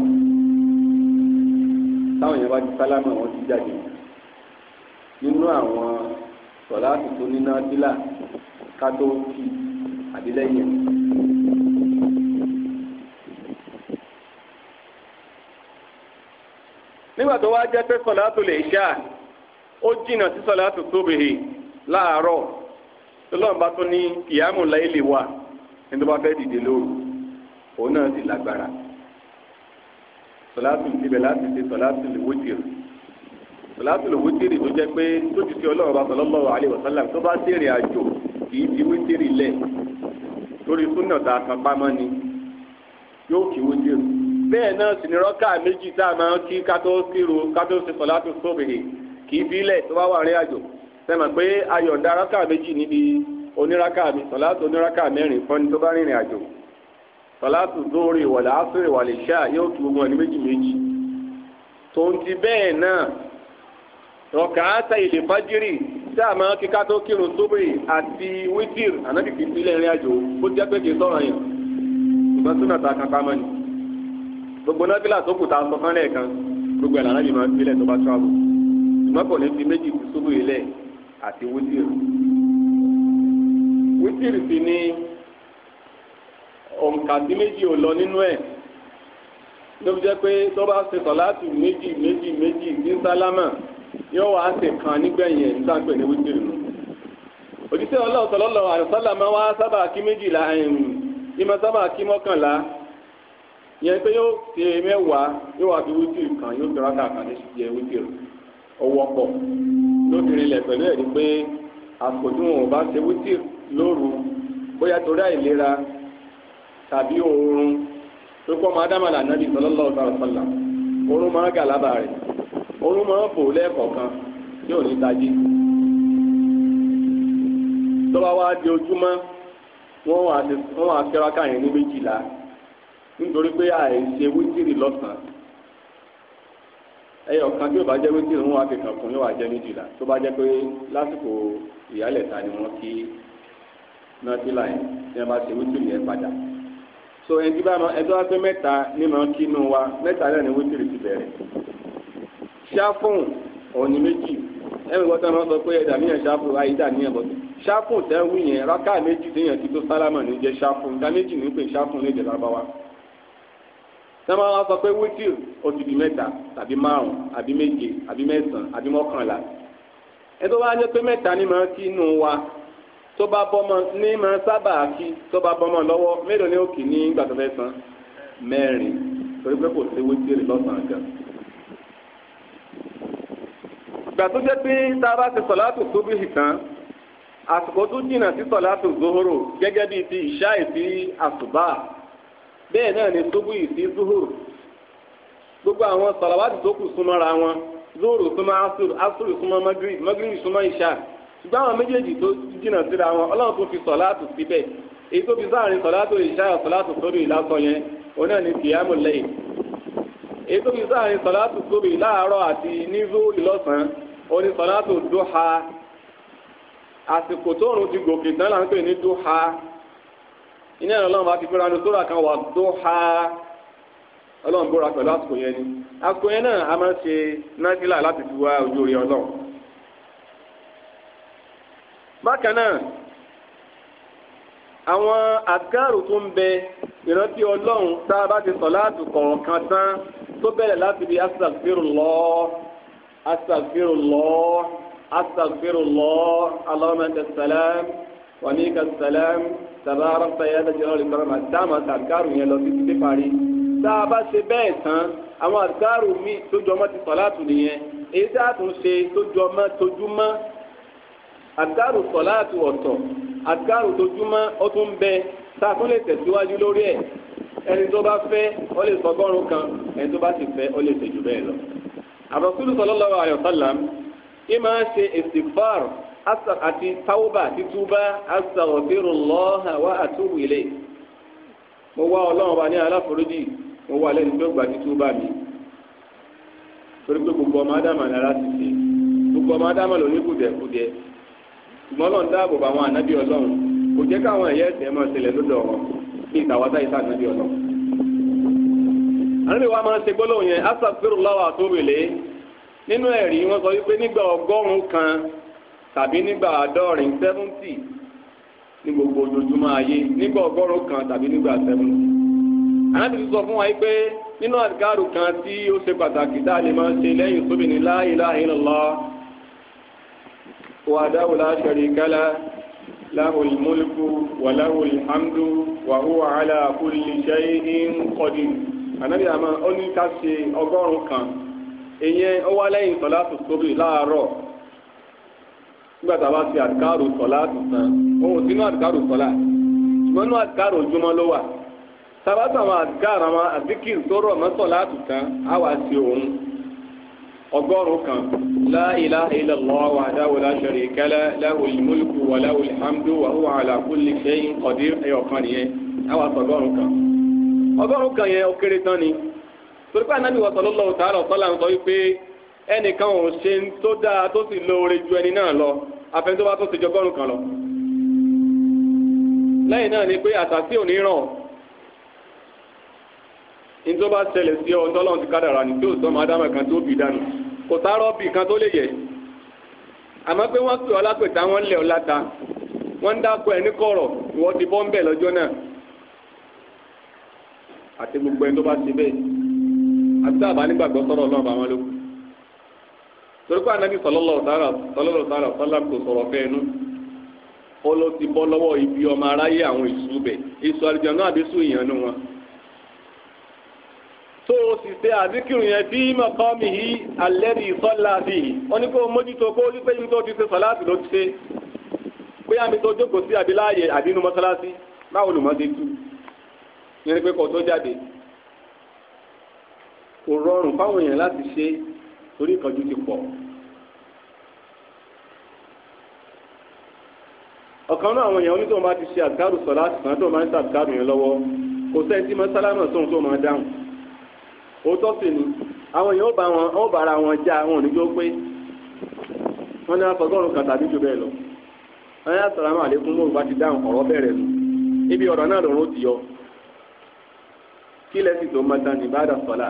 táwọn yẹn bá ti sálámà wọn ti jáde nínú àwọn sọlá tuntun ní nábìlà kátó kì àdílẹ́yìn. nígbà tó wá jẹ́ pé sọlá tó lè ṣá ó jìnnà sí sọlá tó tóbìrì láàárọ̀ tó lọ́n bá tó ní kìyàmù láìlè wà ní tó bá fẹ́ dìde lóru òun náà sì lágbára sọlá tó ń tibẹ̀ láti ṣe sọlá tó lè wó sọláàtúlù wítìrì tó jẹ́ pé tó ti ṣe ọlọ́run bá sallallahu alaihi wasallam tó bá sẹ́rìn àjò kì í ti wítìrì lẹ̀ torí súnà tá a kan pamọ́ ni yóò kí wítìrì bẹ́ẹ̀ náà sì ni rọ́kà méjì tá a máa ń kí kátó kíru kátó ṣe sọláàtù sóbìrì kì í bílẹ̀ tó bá wà rìn àjò sẹ́mọ̀ pé ayọ̀ǹda rọ́kà méjì níbi oníraka mi sọláàtù oníraka mẹ́rin fọ́ni tó bá rìnrìn àjò sọláàtù dóòrè wọ̀lá ásírè rọ̀kàátà ilé fájírì tá a máa kíká tó kírun sóbì àti wítìr ànábì kìí sílẹ̀ ìrìn àjò ó jẹ́ pé kìí sọ̀rọ̀ yẹn ìgbọ́n súnà tá a kan pamọ́ ni gbogbo nábìlà tó kù tá a sọ fún lẹ́ẹ̀kan gbogbo ẹ̀ lànàbì máa ń sílẹ̀ tó bá tíwáàbù ìgbọ́n kò ní fi méjì kù sóbì ilẹ̀ àti wítìr wítìr sì ni òǹkà sí méjì ò lọ nínú ẹ̀ ló fi jẹ́ pé tó bá ṣe sọ̀láàtì méjì méjì méjì ní sálámà yóò wá ṣe kan nígbẹ̀yìn ẹ̀ nígbà pé ní wítìrì nù. òjíṣẹ́ ọlọ́run sọlọ́lọ́ àlùsálà máa wá sábà kí méjìlá ẹ̀hìn ìmọ̀ sábà kí mọ́kànlá yẹn pé yóò ṣe mẹ́wàá yóò wá fi wítìrì kan yóò tẹ̀rọ kàkàn ní ṣe wítìrì ọwọ́ pọ̀ lóbìnrin lẹ̀ pẹ̀lú ẹ̀rí pé àpòjù wọn ò bá ṣe wítìrì lóru bóyá torí àìlera tàbí oorun tó kọ́ máa dámàlà nábì oorun máa ń bò lẹ́ẹ̀kọ̀ọ̀kan ní òní tají tó bá wá di ojúmọ́ wọ́n wà á fẹ́ra káyẹn ní méjìlá nítorí pé àìṣe wítìrì lọ́sàn-án ẹyọ kan tí ó bá jẹ́ wítìrì wọn wá fi kàn fún yóò wá jẹ́ méjìlá tó bá jẹ́ pé lásìkò ìyálẹ̀ta ni wọ́n kí nọ́tìlá yẹn tí wọ́n bá ṣe wítìrì yẹn padà so ẹni tí bá ẹjọ́ pé mẹ́ta ní mọ̀ kínú wa mẹ́ta náà ni wítìrì ti bẹ̀rẹ̀ ṣáfùn òní méjì ẹ̀mí gbọ́dọ̀ máa sọ pé ẹ̀dà níyàn ṣáfùn àyídà níyàn bọ́dọ̀ ṣáfùn tẹ́wù yẹn rákà méjì téèyàn ti tó sálámà ní jẹ́ ṣáfùn ìdá méjì ní pé ṣáfùn lè jẹ́ lábáwá. sẹ́wọ́n wá sọ pé wítì ó ti di mẹ́ta tàbí márùn-ún àbí méje àbí mẹ́sàn-án àbí mọ́kànlá. ẹ tó bá jẹ́ pé mẹ́ta ni máa kí inú wa tó bá bọ́mọ ní máa sábà kí tó bá bọ́mọ lọ́wọ́ mélòó ni ó kì í ní ìgbà tó mẹ́rin torí pé kò sí wítì lọ́sàn-án gan ìgbà tó jẹ́ pé tá a bá ti sọ̀látù sóbìhì tán àsìkò tó jìnnà sí sọ̀látù zohoro gẹ́gẹ́ bíi ti ìṣá ìsí àsùbà bẹ́ẹ̀ náà ni sóbù ìsí zuhur gbogbo àwọn sọ̀làwátì tó kù súnmọ́ra wọn zohoro súnmọ́ asur asur súnmọ́ magrib magrib súnmọ́ ìṣá ṣùgbọ́n àwọn méjèèjì tó jìnnà síra wọn ọlọ́run tó fi sọ̀látù síbẹ̀ èyí tó fi sáàrin sọ̀látù ìṣá sọ̀látù sóbì lásán yẹn ni kìyàmù lẹ́yìn èyí tó fi sáàrin sọ̀látù sóbì láàárọ̀ àti ní zuhur oní sọ̀látù dúhà àsìkò tóòrùn ti gòkè tán là ń pè ní dúhà iná ìrìn ọlọ́run bá ti fẹ́ra ní sóra kan wà dúhà ọlọ́run bóra pẹ̀lú àsìkò yẹn ni àsìkò yẹn náà a máa ń ṣe náfìlà láti fi wá ojú rí ọlọ́run. bákan náà àwọn àgárò tó ń bẹ ìrántí ọlọ́run tá a bá ti sọ̀látù kọ̀ọ̀kan tán tó bẹ̀rẹ̀ láti bí astaghfirullah أستغفر الله أستغفر الله اللهم أنت السلام ومنك السلام تبارك يا ذا الجلال والإكرام àtàwọn àtàkárù yẹn lọ títí dé parí tá a bá ṣe bẹ́ẹ̀ tán àwọn àtàkárù míì tó jọmọ́ ti sọ̀láàtù nìyẹn èyí tá a tún ṣe tó jọmọ́ tójúmọ́ àtàkárù sọ̀láàtù ọ̀tọ̀ àtàkárù tójúmọ́ ó tún bẹ tá a tún lè tẹ̀síwájú lórí ẹ̀ ẹni tó bá fẹ́ ó lè sọgọ́rùn kan ẹni tó bá sì fẹ́ ó lè ṣèjú bẹ́ẹ̀ lọ àbọ̀sùlù sallallahu alayhi wa sallam kí máa ṣe istighfar àti tawba títúbà astaghfirullah wa atubu ilayh mo wá ọlọ́run bá ní aláforíjì mo wá lẹ́nu tó gbà títúbà mi torí pé gbogbo ọmọ ádámà ni ara ti ṣe gbogbo ọmọ ádámà ló ní kùdẹ̀kùdẹ̀ ṣùgbọ́n ọlọ́run dáàbò bá àwọn ànábì ọlọ́run kò jẹ́ káwọn ẹ̀yẹ́ ẹ̀sẹ̀ máa ṣẹlẹ̀ lọ́dọ̀ wọn bí ìtàwátá ìtàn ànábì àníbi wa máa ń ṣe gbólóhùn yẹn astaghfirullah wa atubu ilayh nínú ẹ̀rí wọ́n sọ wípé nígbà ọgọ́rùn-ún kan tàbí nígbà àádọ́rin seventy ní gbogbo ojoojúmọ́ ayé nígbà ọgọ́rùn-ún kan tàbí nígbà seventy. àníbi sọ fún wa wípé nínú àdìkárù kan tí ó ṣe pàtàkì tá a lè máa ṣe lẹ́yìn tóbi ní la ilaha illallah wahdahu la sharika lah له الملك وله الحمد وهو على كل شيء قدير ànábì àmọ́ ó ní ká ṣe ọgọ́rùn kan ìyẹn ó wá lẹ́yìn sọlá tó tóbi láàárọ̀ nígbà tá a bá ṣe àdìkárò sọlá tó tán òun sínú àdìkárò sọlá ṣùgbọ́n inú àdìkárò ojúmọ́ ló wà sábàtà àwọn àdìkárò àwọn àdìkì sọ̀rọ̀ mọ́ sọlá tó tán á wá ṣe òun ọgọ́rùn kan la ilaha illallah wahdahu la sharika lahu lahul mulku wa lahul hamdu wa huwa ala kulli shay'in qadir ẹ̀yọ̀kan nìyẹn á wá sọgọ́rùn kan ọgọ́rùn kan yẹn ó kéré tán ni torí pé anábì wọ́n sọ̀rọ̀ lọ́wọ́ tààrọ̀ sọ́là ń sọ wípé ẹnìkan ò ṣe tó dáa tó sì lóore ju ẹni náà lọ afẹ́ni tó bá tó ti jọ ọgọ́rùn kan lọ. lẹ́yìn náà ni pé àtàtì ò ní ràn ní tó bá ṣẹlẹ̀ sí ọ ntọ́lọ́run ti kádàrà ní tí ò sọ máa dámọ̀ kan tó bì dànù kò sárọ́ bì kan tó lè yẹ àmọ́ pé wọ́n pè ọ́ lápèta wọ́n lẹ̀ ọ́ àti gbogbo ẹni tó bá ṣe bẹ́ẹ̀ àti tá a bá nígbàgbọ́ sọ̀rọ̀ náà bá wọn ló kù torí pé anabi sọlọ́lọ́ sára sọlọ́lọ́ sára sọlá kò sọ̀rọ̀ fẹ́ inú ó ló ti bọ́ lọ́wọ́ ibi ọmọ aráyé àwọn èṣù bẹ̀ èṣù àlùjànnú náà àbí sùn ìyànnú wọn tó o sì ṣe àdíkìrì yẹn bí mọ̀kánmi yìí alẹ́rì sọ́lá sí i wọ́n ní kó o mójútó kó o rí pé ibi tó ti ṣe sọ́lá sí ló ti ṣe pé àmì tó jókòó sí àbí láàyè àbínú mọ́sálásí báwo lùmọ́ ti tú yẹn pé kò tó jáde kò rọrùn fáwọn èèyàn láti ṣe torí ìkánjú ti pọ̀. ọ̀kan náà àwọn èèyàn onítọ̀ máa ti ṣe àdìkárù sọ láti sàn tó máa ń ṣàdìkárù yẹn lọ́wọ́ kò sẹ́ni tí mọ́sálámà sóhun tó máa dáhùn. òótọ́ sì ni àwọn èèyàn ó bá wọn ó bára wọn já wọn ò ní jó pé wọ́n ní afọgọ́rùn kan tàbí jù bẹ́ẹ̀ lọ. wọ́n yá sàlámù àlékún mọ́rùn bá ti dáhùn ọ̀rọ̀ bẹ̀rẹ̀ nù ibi ọ̀rọ̀ náà lọ́rùn ti yọ kí lẹ́sìn tó máa dání bá dà sọ́lá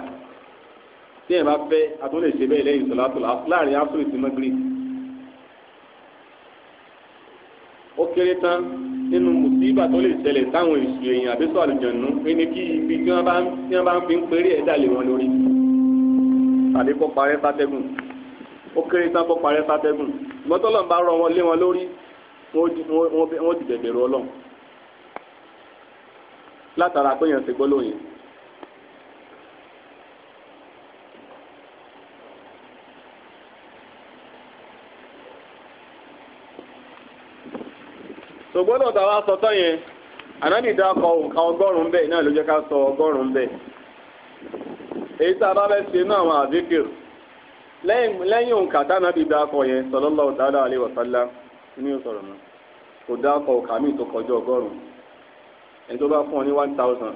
tí yẹn bá fẹ́ àtúnlẹ̀ ṣe bẹ́ẹ̀ lẹ́yìn sọ́lá tó láàrin áfírí sí mọ́gírì. ó kéré tán nínú mùsíbà tó lè ṣẹlẹ̀ táwọn èsì èèyàn àbí sọ̀rọ̀ jẹ̀nu ẹni kí ibi tí wọ́n bá ń fi ń péré ẹ̀ dàlẹ̀ wọn lórí tàbí kó parẹ́ sátẹ́gùn ó kéré tán kó parẹ́ sátẹ́gùn ìgbọ́n tó lọ́n bá rọ wọn lé wọn lórí wọ́n ti bẹ̀bẹ̀ rọ lọ́n látara pé yẹn ti gbọ́ lóyìn ṣògbọ́n náà tàwa sọ tán yẹn ànábì dákọ̀ nǹkan ọgọ́rùn-ún bẹ́ẹ̀ náà ló jẹ́ ká sọ ọgọ́rùn-ún bẹ́ẹ̀ èyí tá a bá fẹ́ ṣe náà àwọn àdékèrò lẹ́yìn òǹkà tánàbì dákọ̀ yẹn sallallahu ta'ala alaihi wasallam ní ìsọ̀rọ̀ náà kò dákọ̀ òǹkà míì tó kọjá ọgọ́rùn-ún ẹni tó bá fún ọ ní one thousand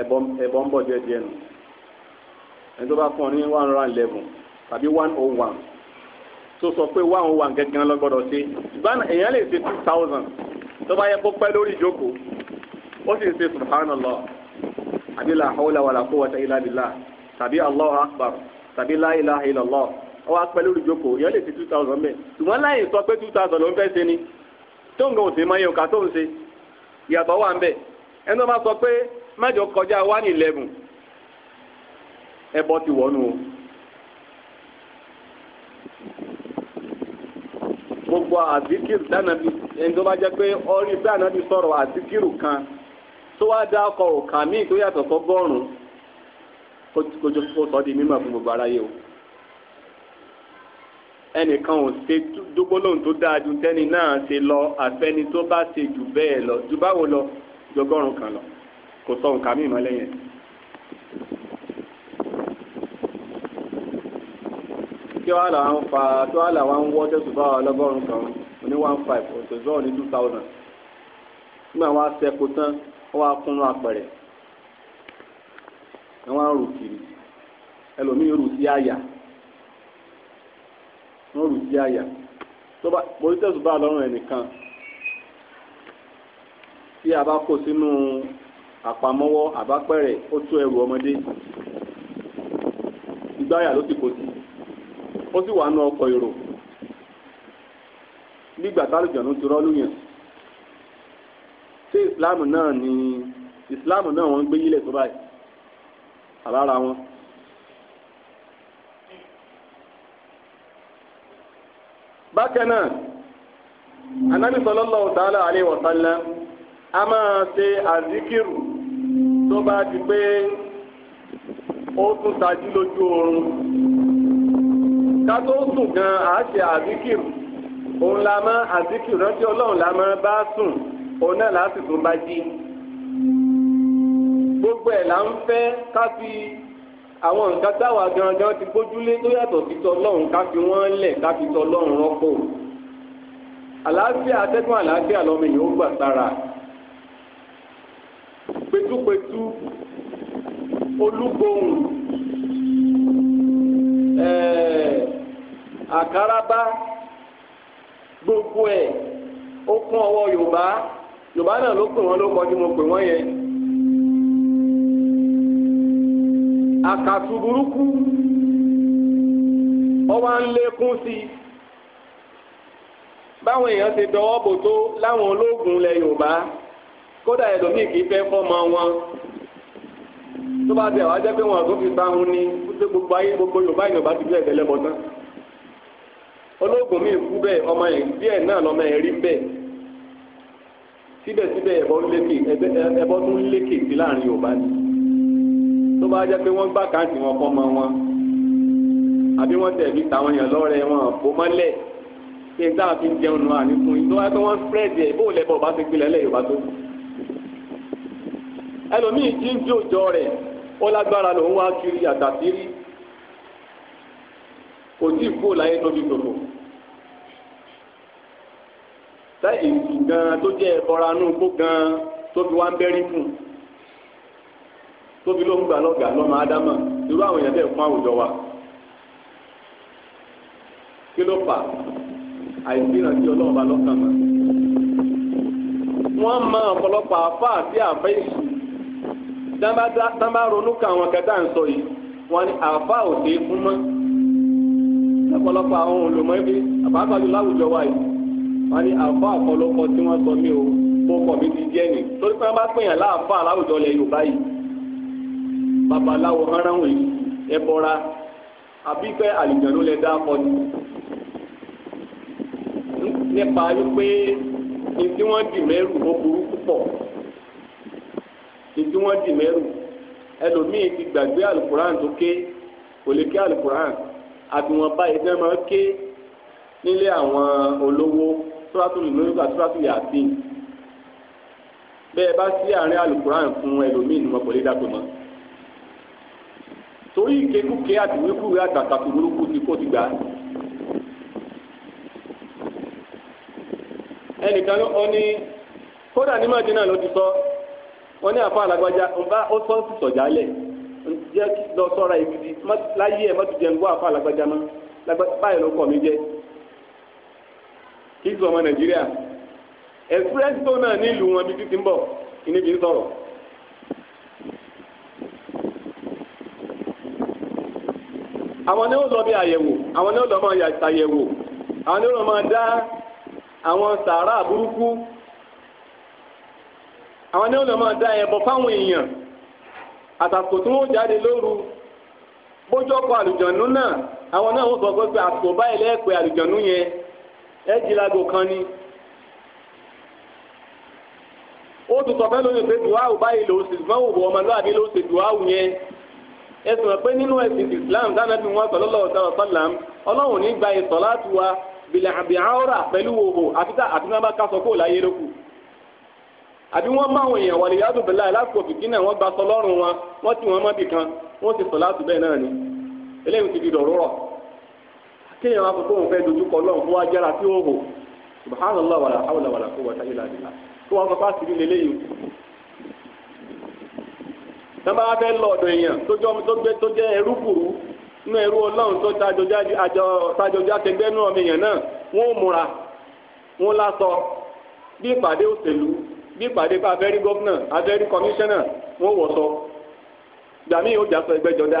ẹ̀bọ ń bọ̀ díẹ̀ díẹ̀ nù ẹni tó bá fún ọ ní one hundred and eleven tàbí one oh one tó sọ pé one oh one gẹ́gẹ́ lọ́gbọ́dọ̀ ṣe ìbáná èèyàn lè ṣe two thousand tó bá yẹ kó pẹ́ lórí ìjókòó ó sì ṣe subhanallah àbí la hawla wala quwwata illa billah tàbí allahu akbar tàbí la ilaha illallah ó wá pẹ́ lórí ìjókòó ìyẹn lè ti two thousand mẹ́ ṣùgbọ́n láyé sọ pé two thousand ló ń fẹ́ ṣe ni tó ń gan òsè mọ́ yẹn òkà tó ń ṣe ìyàtọ̀ wà ń bẹ̀ ẹni tó bá sọ pé mẹ́jọ kọjá one eleven ẹbọ ti wọnú o gbogbo àdìkìrì dánàbí ẹni tó bá jẹ́ pé ọrí bí ànábì sọ̀rọ̀ àdìkìrì kan tó wá dá ọkọ̀ òkà míì tó yàtọ̀ sọ́gọ́rùn-ún kó sọ di mímọ̀ fún gbogbo aráyé o ẹnìkan ò ṣe dúgbólóhùn tó dáa ju tẹ́ni náà ṣe lọ àfẹ́ni tó bá ṣe jù bẹ́ẹ̀ lọ jù báwo lọ jọgọ́rùn kan lọ kò sọ nǹkan míì mọ́ lẹ́yìn kí wàá là wá ń fa kí wàá là wá ń wọ́ tẹ̀sùbá ọlọ́gọ́rùn-ún kan oní one five òtẹ̀sùbá òní two thousand nígbà wọn aṣọ ẹ̀kọ́ tán wọn á kúnnú apẹ̀rẹ̀ wọn á rù kiri ẹlòmíì rù sí àyà wọn rù sí àyà tó bá borí tẹ̀sùbá lọ́rùn ẹnìkan tí a bá kó sínú àpamọ́wọ́ àbápẹ̀rẹ̀ ó tó ẹrù ọmọdé ìgbáyà ló ti kó sí i ó sì wà nù ọkọ̀ èrò nígbà tálùjọ̀nù ti rọ́lù yẹn ṣé ìsìláàmù náà ni ìsìláàmù náà wọ́n ń gbé yílẹ̀ tó báyìí àlára wọn. bákan náà anabi sallallahu ta'ala alayhi wa sallam a máa ṣe àzíkìrù tó bá di pé ó tún tají lójú oorun ká tó sùn gan àṣẹ àzíkìrù òun la máa àzíkìrù rántí ọlọ́run la máa bá sùn òun náà lásìkò bá jí gbogbo ẹ̀ là ń fẹ́ ká fi àwọn nǹkan táwa gangan ti gbójúlé tó yàtọ̀ sí tọlọ́run ká fi wọ́n lẹ̀ ká fi tọlọ́run rọ́pò àlàáfíà atẹ́gùn àlàáfíà lọ́mọ èèyàn ó gbà sára pẹtupẹtu olúgbòhùn ẹ̀ẹ́ àkàràbá gbogbo ẹ̀ ó kún ọwọ́ yorùbá yorùbá náà ló pè wọ́n ló kọjú mo pè wọ́n yẹn. àkàtú burúkú ọwọ́ à ń lékún sí i báwọn èèyàn ti dọwọ́ bò tó láwọn ológun ilẹ̀ yorùbá kódà ẹlòmíì kì í fẹ́ fọ́mọ wọn tó bá tẹ̀ wá jẹ́ pé wọn àtúntì bá ń ní gbogbo ayé gbogbo yorùbá yorùbá ti fi ẹ̀fẹ́ lẹ́bọ̀ tán ológun mi kú bẹ́ẹ̀ ọmọ yẹn díẹ̀ náà lọ́mọ yẹn rí bẹ́ẹ̀ síbẹ̀síbẹ̀ ẹ̀bọ lékè ẹ̀bọ tún lékè sí láàrin Yorùbá ni tó bá jẹ́ pé wọ́n gbà káàtì wọn kọ́ mọ wọn àbí wọ́n tẹ̀ fi tàwọn èèyàn lọ́rẹ̀ wọn bó mọ́lẹ̀ ṣé n táà fi ń jẹun nù àní fún yín tó wáyé pé wọ́n spread ẹ̀ bó lẹ́bọ̀ bá ti gbilẹ̀ lẹ̀ Yorùbá tó kù ẹlòmíì tí ń jó rẹ̀ ó lágbára lòun wá kiri àtàkiri kò tí ì kú láyé tóbi tòkò sáyé ìlú gan tó jẹ́ ẹ̀bọra nù kó gan tóbi wá ń bẹ́rí fún tóbi ló ń gbà lọ́gà lọ́mọ ádámà irú àwọn èèyàn bẹ́ẹ̀ fún àwùjọ wa kí ló fà àìsí ìrántí ọlọ́run bá lọ́kàn mọ́ wọ́n mọ ọ̀pọ̀lọpọ̀ àfa àti àfẹ́ ìsù dábàá ronú ka àwọn kẹta ń sọ yìí wọ́n ní àfa ò fún mọ́ ọ̀pọ̀lọpọ̀ àwọn olùmọ̀ ibi àbáfàjù láwùjọ wa yìí wọ́n ní àfa àkọlọ́kọ tí wọ́n sọ mí o tó kọ̀ mí ti jẹ́ ni torí pé wọ́n bá pèèyàn láàfa aláwùjọ lẹ Yorùbá yìí babaláwo hánráhùn yìí ẹbọra àbí pé àlùjànnú lẹ dá kọ ni nípa wípé ní tí wọ́n dì mẹ́rù ó burú púpọ̀ ní tí wọ́n dì mẹ́rù ẹlòmíì ti gbàgbé alukuran tó ké kò lè ké alukuran àbí wọn báyìí fẹ́ ké nílé àwọn olówó sọ́ràtù lùmọ́lùkà sọ́ràtù yàtìn bẹ́ẹ̀ bá sí àárín alukuran fún ẹlòmíì ni wọn kò lè dàgbé torí ìkékùké àti wíkúwé àtàtàkù burúkú ti kó ti gbà ẹnìkan ló ọ ní kódà ní lọ sọra ibi di láyé ẹ jẹ kí sọ ọmọ nàìjíríà express tó náà nílùú wọn bí títí ń bọ̀ níbi ń sọ̀rọ̀. àwọn ni ó lọ bí àyẹ̀wò àwọn ni ó lọ máa ṣàyẹ̀wò àwọn ni ó lọ máa dá àwọn sàárà burúkú àwọn ni ó lọ máa dá ẹbọ fáwọn èèyàn àtàkùn tí wọn jáde lóru bójú ọkọ àlùjọ̀nú náà àwọn náà ń sọ pé àsìkò báyìí lẹ́ẹ̀pẹ́ àlùjọ̀nú yẹn ẹ̀jìlágò kan ni ó tún sọ fẹ́ lónìí pé duwawu báyìí ló ṣe gbọ́n òwò ọmọlúwàbí ló ṣe duwawu yẹn ẹsùn ẹ̀ pé nínú ẹ̀sìn Islam dáná bí wọ́n sọ̀lọ́lọ́ ọ̀sán ọ̀sánlám ọlọ́run ní gba ìsọ̀ láti wa bìlẹ̀ àbí àhọ́rà pẹ̀lú òhò àti tá àti náà bá ká sọ kó láyé lókù àbí wọ́n bá àwọn èèyàn wàlẹ̀ yàtọ̀ bẹ̀lá lásìkò fìtínà wọ́n gba sọ lọ́rùn wọn wọ́n tì wọ́n mọ́bì kan wọ́n ti sọ̀ láti bẹ́ẹ̀ náà ni eléyìí ti di dọ̀rọ̀ kéèyàn wá sọ pé òun fẹ́ dojú kọ lọ́hùn fún wa jára sí òhò subhanallah wàlà hawla wàlà kó wàtá ilà nìlá kó wọn fọpá sí nílé yìí. sábà wá fẹ́ lọ ọ̀dọ̀ èèyàn tó jẹ́ ẹrú kùrú nínú ẹrú ọlọ́run tó tajọjá tẹgbẹ́ nínú ọmọ èèyàn náà wọ́n ò múra wọ́n lásọ bí ìpàdé òṣèlú bí ìpàdé bá abẹ́rí gọ́fúnà abẹ́rí kọmíṣánná wọ́n wọ̀ sọ gbàmí ìhòjà sọ ẹgbẹ́jọdá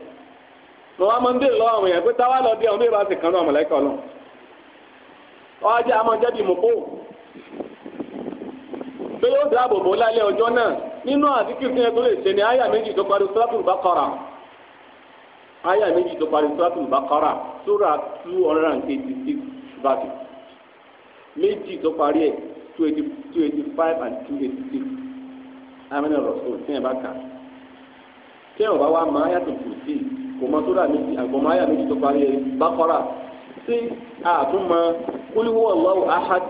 mo wá máa ń béèrè lọ́wọ́ àwọn èèyàn pé táwa lọ dé àwọn bíi bá ti kàn náà mọ̀lẹ́kọ̀ lọ. ọjà àmọ́ jẹ́ bíi mọ̀kó pé yóò dáàbò bò lálẹ́ ọjọ́ náà nínú àdíkì fún ẹgbẹ́ lè ṣe ni àyà méjì tó parí suratul Baqara àyà méjì tó parí suratul Baqara sura two hundred and eighty six bàtì méjì tó parí ẹ̀ two eighty two eighty five and two eighty six amínà rọ̀ṣọ̀ tí ẹ̀ bá kà tí ẹ̀ bá wá máa yàtọ̀ kùsì gbọmọsóra méjì àgbọmáyà méjì tó parí ẹ bákọ́rà sí àtúmọ̀ kúlíwó ọ̀lọ́wọ́ ahad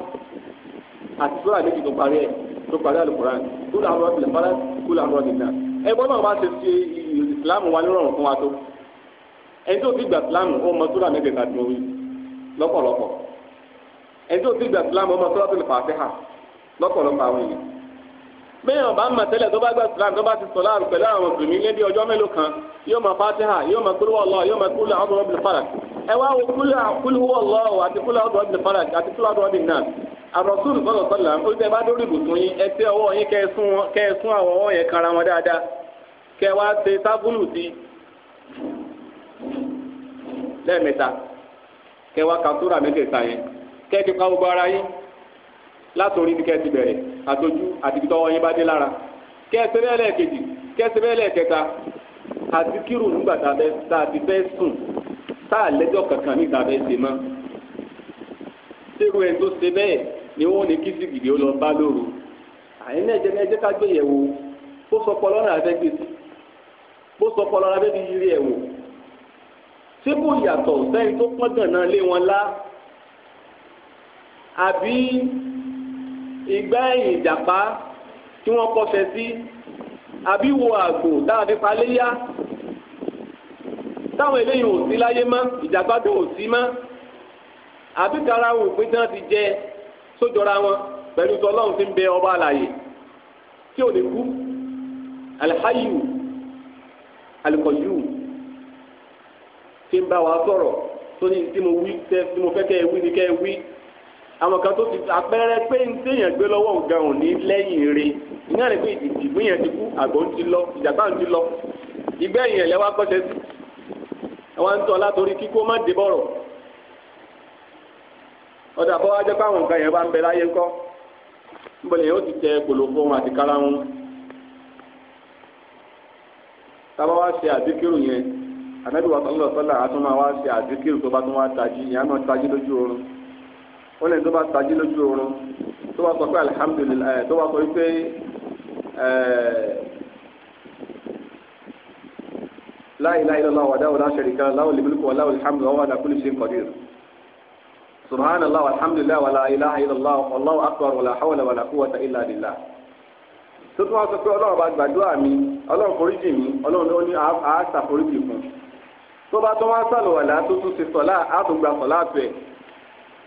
àti sóra méjì tó parí ẹ tó parí alukuran kúlù àwọn ọ̀bìlẹ̀ fara kúlù àwọn ọ̀bìlẹ̀ náà ẹ gbọ́dọ̀ bá ṣe ṣe ìsìlámù wa nírọ̀rùn fún wa tó ẹni tó fi gbà ìsìlámù ó mọ sóra mẹ́tẹ̀ẹ̀ta tó wí lọ́pọ̀lọpọ̀ ẹni tó fi gbà ìsìlámù ó mọ sóra tó lè fà á fẹ́ hà lọ́pọ̀lọpọ̀ àwọn èèyàn bẹ́ẹ̀ ọba ń mọ̀tẹ́lẹ̀ tó bá gba islam tó bá ti sọ̀lá àrùn pẹ̀lú àwọn mùsùlùmí lé bí ọjọ́ mélòó kan yóò máa fatiha yóò máa kúlú ọlọ́ yóò máa kúlú àwọn ọ̀bìn farad ẹ wá wo kúlú ọlọ́ àti kúlú àwọn ọ̀bìn farad àti kúlú àwọn ọ̀bìn náà àròsùn sọ̀rọ̀ ó bá dórí ibùsùn yín ẹ ọwọ́ yín ẹ sún yẹn wọn dáadáa wá látòrí ní kẹ́ẹ̀tì bẹ̀rẹ̀ àtọ́jú àtìkítọ́ wọn yín bá dé lára kẹ́ẹ̀sì bẹ́ẹ̀ lẹ́ẹ̀kejì kẹ́ẹ̀sì bẹ́ẹ̀ lẹ́ẹ̀kẹta àti kírù nígbà tá a ti fẹ́ sùn tá a lẹ́jọ́ kankan nígbà fẹ́ ṣe mọ́ sírù ẹ̀ tó ṣe bẹ́ẹ̀ ni wọ́n ní kí sìgìdì ó lọ bá lóru àyìn náà jẹ́ ẹjẹ́ ká gbé yẹ̀wò bó sọ pọ̀ lọ́nà abẹ́gbèsì bó sọ pọ̀ lọ́nà abẹ́gbèsì yìí ẹ̀wò ṣé kò yàtọ̀ sẹ́yìn tó pọ́n gàn náà lé wọn lá àbí ìgbà ẹ̀yìn ìjàpá tí wọ́n kọfẹ́ sí àbí wo àgbò táwọn fi palẹ́ yá táwọn eléyìí ò sí láyé mọ́ ìjàpá tó ò sí mọ́ àbí kara wò pé tí wọ́n ti jẹ sójọra wọn pẹ̀lú tọ́lọ́run ti ń bẹ ọba àlàyé tí ò lè kú alihayu alikọ̀jú tí ń bá wa sọ̀rọ̀ tó ní tí mo fẹ́ kẹ́ ẹ wí ni kẹ́ ẹ wí àwọn kan tó ti àpẹẹrẹ pé ń téèyàn gbé lọ́wọ́ nǹkan ò ní lẹ́yìn re ìyá rẹ̀ pé ìdìbò yẹn ti kú àgọ́ ti lọ ìjàmbá ti lọ ìgbẹ́yìn ẹ̀lẹ́ wa kọ́ṣẹ́ sí àwọn ń tọ́ látorí kíkó má dé bọ̀rọ̀ ọ̀dà bọ́ wájẹ́ pé àwọn nǹkan yẹn bá ń bẹ láyé ńkọ́ níbọ̀lẹ̀ yẹn ó ti tẹ kòlòfó wọn àti kára wọn tábà wá ṣe àdíkìrù yẹn ànábìwà sọlọ́sọlá àtúnmá wá ṣe àdíkìrù tó bá tún wá tají ìyá náà tají lójú oorun ó lẹ́yìn tó bá tají lójú oorun tó bá sọ pé alihamudulilayi tó bá sọ pé láìláì lọ́la wàdà wàdà ṣẹ̀ríkà láwọn lèmílùkù wà láwọn alihamudu wà wàdà kúlù ṣe ń kọ̀dí rẹ̀ subhanallah alhamdulilah wàlá ilaha illallah wallahu akbar wàlá hawla wàlá quwwata illa billah tó tún wá sọ pé ọlọ́run bá gbàdúrà mi ọlọ́run foríjì mi ọlọ́run ló ní àásà foríjì fún tó bá tún wá sàlùwàlá tó tún ṣe sọ̀lá àtúngbà sọ̀lá àtúẹ̀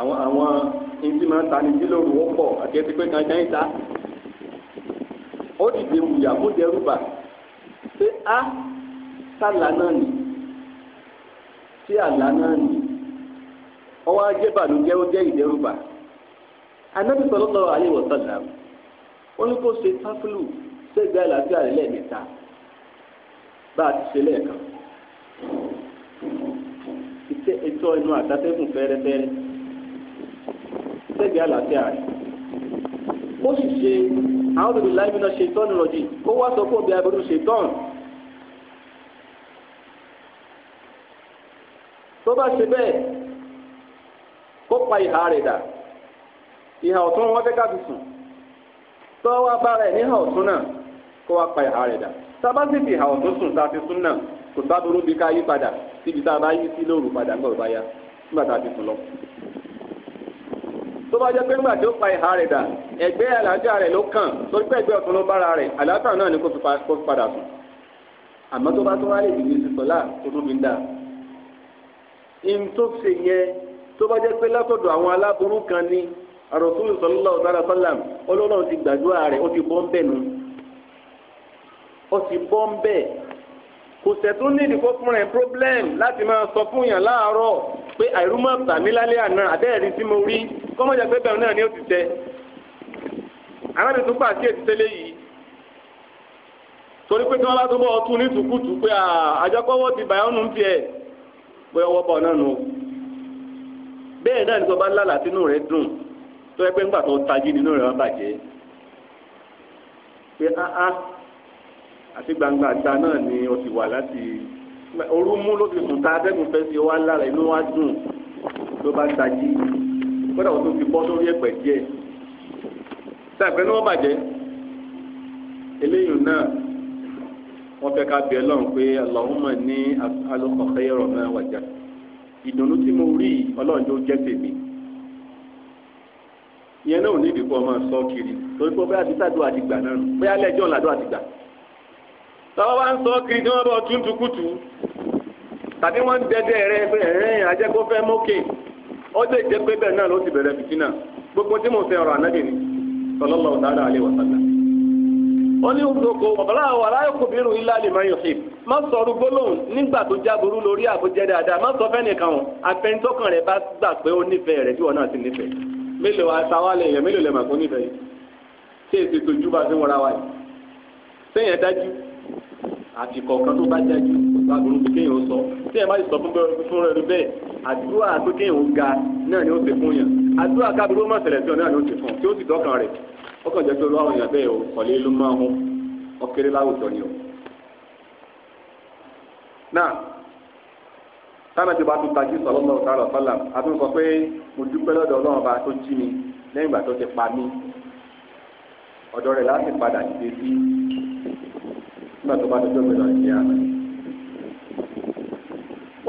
àwọn àwọn ntí máa ń ta ní bílòrù ó pọ̀ àti ẹtí pé kan ṣe ń ta ó dìde wùyà kó dẹrù bà ṣé a sàlà náà nì ṣé àlà náà nì ọwọ́ ajé bàlùjẹ́ ó jẹ́ ìdẹ́rùbà anábì sọlọ́tọ̀ ayé wọ̀sánná ó ní kó ṣe táfúlù ṣẹ́gbẹ́ àlàáfíà rẹ̀ lẹ́ẹ̀mẹ́ta bá a ti ṣe lẹ́ẹ̀kan ìtọ́ ẹnu àtàtẹ́kùn fẹ́rẹ́fẹ́rẹ́. sẹ́gbẹ̀ẹ́ àlàáfíà rẹ̀ ó sì ṣe àwọn náà ó wá sọ fún òbí tó bá ṣe bẹ́ẹ̀ kó pa ìhà rẹ̀ dà ìhà ọ̀tún wọn sùn tó wá bá rẹ̀ níhà ọ̀tún náà kó wá pa ìhà rẹ̀ dà a ìhà ọ̀tún sùn sùn náà kò bí ká yí padà síbi tá a bá yí sí lóru lọ. tó bá jẹ́ pé nígbà tí ó fa ìhà rẹ̀ dà ẹ̀gbẹ́ àlàájá rẹ̀ ló kàn torí pé ẹ̀gbẹ́ ọ̀tún ló bára rẹ̀ àlàáfíà náà ni kò fi padà sùn àmọ́ tó bá tún wá lè dìbò ìsìsọ́lá tó tún ń dà in yẹn tó bá jẹ́ pé látọ̀dọ̀ àwọn aláburú kan ní àròsúlù sallallahu alaihi wasallam ọlọ́run ti gbàdúrà rẹ̀ ó ti bọ́ ń bẹ̀ nu ó ti bọ́ ń bẹ̀ kò sẹ̀tún nídìí kó fún rẹ̀ problem láti máa sọ fún yàn láàárọ̀ pé àìrúmọ̀ tàmí lálẹ́ àná àtẹ́ẹ̀rí tí mo rí kọ́mọ̀jà pé bẹ́ẹ̀ náà ni ó ti tẹ arábìnrin tó pa àkíyèsí tẹ́lẹ̀ yìí torí pé tí wọ́n bá tó bọ́ ọtún ní tùkùtù pé àjọkọ́wọ́ ti bàyá ọ̀nù ń tiẹ̀ pé ọwọ́ bọ̀ náà nù bẹ́ẹ̀ náà ni tó bá lálàá tínú rẹ̀ dùn tó yẹ pé ńgbà tó tají nínú rẹ̀ wọ́n bàjẹ́ pé áá àti gbangba ta náà ni ó ti wà láti orú mú ló fi sùn tá atẹ́gùn fẹ́ fi wá lára inú wá dùn ló bá tají kódà wọ́n tó fi bọ́ sórí ẹ̀pẹ̀ díẹ̀ sàgbẹ́ ni wọ́n bàjẹ́ eléyìí náà wọ́n fẹ́ ká bẹ̀ẹ́ lọ́run pé Allahumma ní alùpàkẹ́ ọ̀rọ̀ náà wàjà ìdùnnú tí mo rí ọlọ́run tó jẹ́ tèmi ìyẹn náà ò ní ìdìbò ọmọ sọ kiri torí pé bóyá títàdó àdìgbà náà bóyá lẹ́jọ́ làdó àdìgbà tọ́wọ́ bá ń sọ kiri tí wọ́n bọ̀ túntùkùtù tàbí wọ́n ń dẹ́dẹ́ rẹ ẹ̀rẹ́ ajẹ́kọ́ fẹ́ mókè ó lè jẹ́ pé bẹ́ẹ̀ náà ló ti bẹ̀rẹ̀ fìtínà gbogbo tí mo fẹ́ ọ̀rọ̀ ànábì ni sallallahu ta'ala alaihi wa sallam. ó ní òdòkó ọ̀bọ̀lá wà láyé kò bírun ilá lè máa yọ̀ sí i má sọ ọdún gbólóhùn nígbà tó jáburú lórí àbújẹ́ dáadáa má sọ fẹ́nìkan o àfẹnitọ́kàn rẹ bá gbà pé ó nífẹ̀ẹ́ rẹ tí wọn náà ti nífẹ̀ẹ́ mélòó àtàwálẹ̀ yẹn mélòó lẹ̀ mà kó nífẹ̀ẹ́ yìí ṣé èsì tó jú bá fi wọra wa yìí sẹ́yìn ẹ̀ dájú àfikọ̀ kan tó bá jáde lágbóró pé kéèyàn ó sọ tí ẹ má sì sọ fún fún rẹ bẹ́ẹ̀ àdúrà pé kéèyàn ó ga náà ni ó ti fún yàn àdúrà kábíró mọ̀ sẹ̀lẹ̀ sí ọ náà ni ó ti fún tí ó sì dọ́kàn rẹ̀ ọkàn jẹ́ pé olúwa òyìnbó bẹ́ẹ̀ o kọ̀lé ló máa hún ọkẹ́rẹ́ láwùjọ ni o. náà táwọn ti bá tún tají sọ lọ́wọ́ sáré ọ̀fọ́là a tún sọ pé mo dúpẹ́ lọ́dọ̀ ọlọ́run ọba tó jí mi lẹ́yìn ìgbà tó ti pa mí ọ̀dọ̀ rẹ̀ láti padà dìde nígbà tó bá dúdú ìgbìlọ̀ ìṣe àná.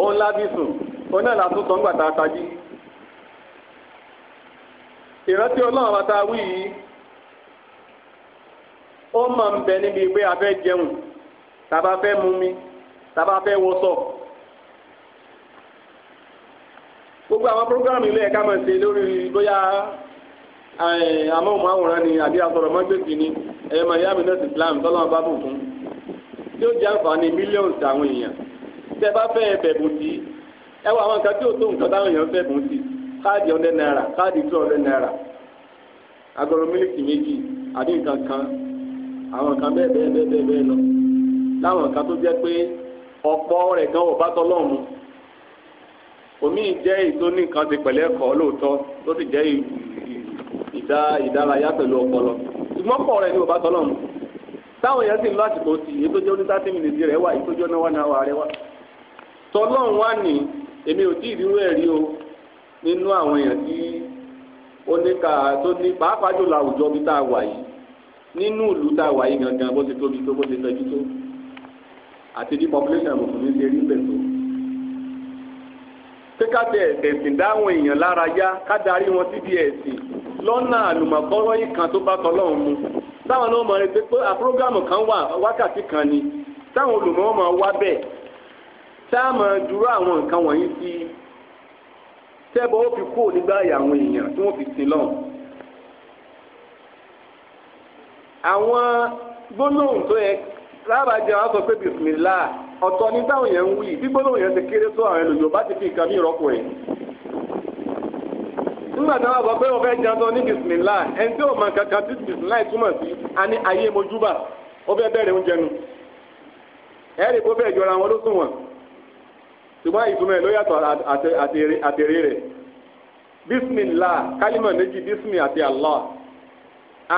òun lábí sùn òun náà látún sọ ńgbà tá ìrántí ọlọ́run bá ta yìí ó máa ń bẹ níbi pé a fẹ́ jẹun tàbá fẹ́ mu mi tàbá fẹ́ wọṣọ. gbogbo àwọn programu ilé ẹ̀ka máa ń ṣe lórí bóyá amóhùnmáwòrán ni àbí asọ̀rọ̀mọ́gbèsì ni ẹ̀yẹ́mọ̀ yàmínẹ́sì Islam tọ́lọ́mọba bùkún. yóò jẹ́ àǹfààní mílíọ̀nù àwọn èèyàn tẹ́ bá fẹ́ bẹ̀bùn sí ẹ wọ àwọn nǹkan tí ò tó nǹkan táwọn èèyàn fẹ́ bùn sí káàdì ọ̀dẹ náírà káàdì tó ọ̀dẹ náírà agolo mílíkì méjì àbí nǹkan kan àwọn nǹkan bẹ́ẹ̀ bẹ́ẹ̀ bẹ́ẹ̀ bẹ́ẹ̀ bẹ́ẹ̀ lọ láwọn nǹkan tó jẹ́ pé ọ̀pọ̀ rẹ̀ gan bá tọ́lọ́ mu omi jẹ́ ti pẹ̀lẹ́ ẹ̀kọ́ lóòótọ́ tó sì jẹ́ ìdá ìdárayá pẹ̀lú ọpọlọ rẹ̀ ni táwọn èèyàn sì ń lọ àsìkò sí i ètò jẹ́ oní thirty minutes rẹ̀ wà ètò jẹ́ náwó náwó rẹ̀ wà tọ́lọ́run wà ní èmi ò tí ì ríwọ́ ẹ̀rí o nínú àwọn èèyàn tí ó ní ká tó ní pàápàá jùlọ àwùjọ bí tá a wà yìí nínú ìlú tá a wà yìí gangan bó ti tóbi tó bó ti tẹ́jú tó àti bí population mùsùlùmí ṣe rí bẹ̀ tó kíkà tẹ ẹ̀sìn dáhùn èèyàn lára yá ká darí wọn síbi ẹ̀sìn lọ́nà àlùmọ̀kọ́rọ́ yìí táwọn náà mọ̀ ẹ́ pé pé àpúrógámù kan wà wákàtí kan ni táwọn olùmọ̀ máa wá bẹ́ẹ̀ táàmù dúró àwọn nǹkan wọ̀nyí sí tẹ́bọ̀ ó fi kú nígbà àyà àwọn èèyàn tí wọ́n fi sin lọ́hùn. àwọn gbólóhùn tó yẹ lábàjẹ́ àwọn sọ pé bisimilá ọ̀tọ̀ ní táwọn yẹn ń wí bí gbólóhùn yẹn ti kéré tó àwọn ẹlòmíràn bá ti fi nǹkan mí rọ́pò ẹ̀ nígbà tí wọ́n sọ pé wọ́n fẹ́ jẹun tán ní bisimilá ẹni tí ò mọ kankan tí bisimilá túmọ̀ sí a ní ayé mojúbà ó fẹ́ bẹ̀rẹ̀ oúnjẹ nu ẹ̀rí kó bẹ́ẹ̀ jọra wọn ló sùn wọn ṣùgbọ́n ìtumọ̀ ẹ̀ ló yàtọ̀ àtẹ̀rẹ̀ rẹ̀ bisimilá kálímà méjì bisimi àti Allah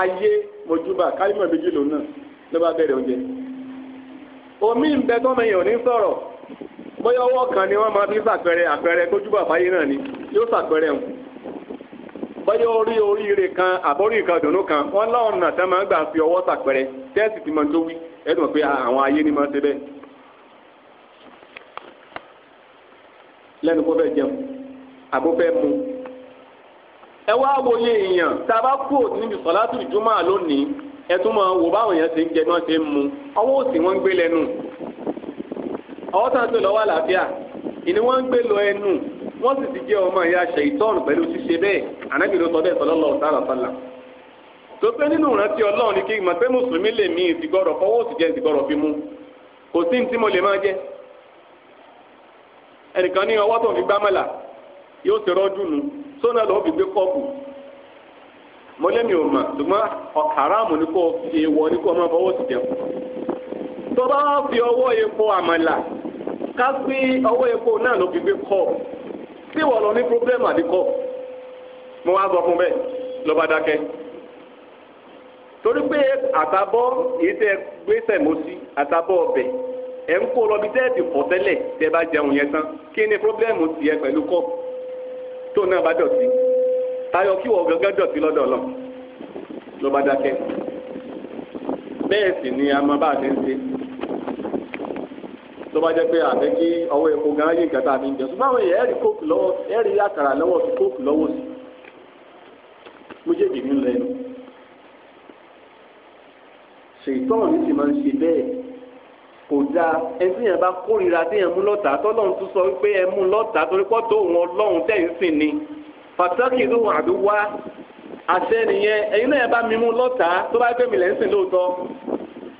ayé mojúbà kálímà méjì lòun náà ló bá bẹ̀rẹ̀ oúnjẹ omi ń bẹ tọ́mọ èèyàn ní sọ̀rọ̀ bóyá ọwọ́ kan ni wọ́n máa fi ṣàpẹẹrẹ àpẹẹrẹ kójúbà fáyé náà ni yóò ṣàpẹẹrẹ hàn bọ́yá orí oríire kan àbórí nǹkan dùnú kan wọ́n lọ́ọ̀nà tẹ́ máa ń gbà fi ọwọ́ sàpẹrẹ tẹ́sì ti máa ń tó wí ẹ̀dùn pé àwọn ayé ni máa ń ṣe bẹ́ẹ̀. kó jẹun àbó fẹ́ mu. ẹ wá wòye èèyàn tá a bá kú níbi sọ̀látù ìjùmọ̀ lónìí ẹ tún máa wò báwọn èèyàn ṣe ń jẹ náà ṣe ń ọwọ́ òsì wọn ń gbé lẹ́nu ọwọ́ tàn tó lọ́wọ́ àlàáfíà ìní wọ́n ń gbé lọ ẹnu wọ́n sì ti jẹ́ ọmọ ìyá ṣèyítọ́ọ̀nù pẹ̀lú ṣíṣe bẹ́ẹ̀ ànábì ló sọ bẹ́ẹ̀ sallallahu ta'ala sallam tó pé nínú ìrántí ọlọ́run ni kí n mọ̀ pé mùsùlùmí lè mí ìsìgbọ́rọ̀ fọwọ́ òsì jẹ́ ìsìgbọ́rọ̀ fi mú kò sí tí mo lè máa fi gbá mọ́là yóò ṣe rọ́jú nu sóná lọ́wọ́ fi gbé kọ́ọ̀pù mọ́lẹ́mi ò mà ṣùgbọ́n ni tí wọ́n lọ ní problem àdìkọ́ mo wá sọ fún bẹ́ẹ̀ lọ́ba dákẹ́ torí pé àtàbọ̀ èyí tẹ́ gbèsè mọ́ sí àtàbọ̀ ọbẹ̀ ẹ̀ ń kó lọ́bi tẹ́ẹ̀tì pọ̀ tẹ́lẹ̀ tẹ́ bá jẹun yẹn tán kí ni problem tiẹ̀ pẹ̀lú kọ́ tó náà bá dọ̀tí tayọ kí wọ́n gángan dọ̀tí lọ́dọ̀ lọ lọ́ba dákẹ́ bẹ́ẹ̀ sì ni a máa bá a ṣe ń ṣe tó bá jẹ́ pé àbí kí ọwọ́ epo gan ayé nǹkan tá a fi ń jẹ ṣùgbọ́n àwọn èèyàn ẹ̀rí kóòkù lọ́wọ́ ẹ̀rí àkàrà lọ́wọ́ sí kóòkù lọ́wọ́ sí méjèèjì ní lẹ́nu ṣètọ́ọ̀ ní sì máa ń ṣe bẹ́ẹ̀ kò dáa ẹtí yẹn bá kórìíra tí yẹn mú lọ́tà tọ́lọ́run tún sọ pé ẹ mú lọ́tà torí pọ́ tó òun ọlọ́run tẹ̀ ń ni pàtàkì ló wà ló wá àṣẹ nìyẹn ẹ̀yin náà yẹn bá mímú lọ́tà tó bá gbẹ̀mí lẹ́sìn lóòótọ́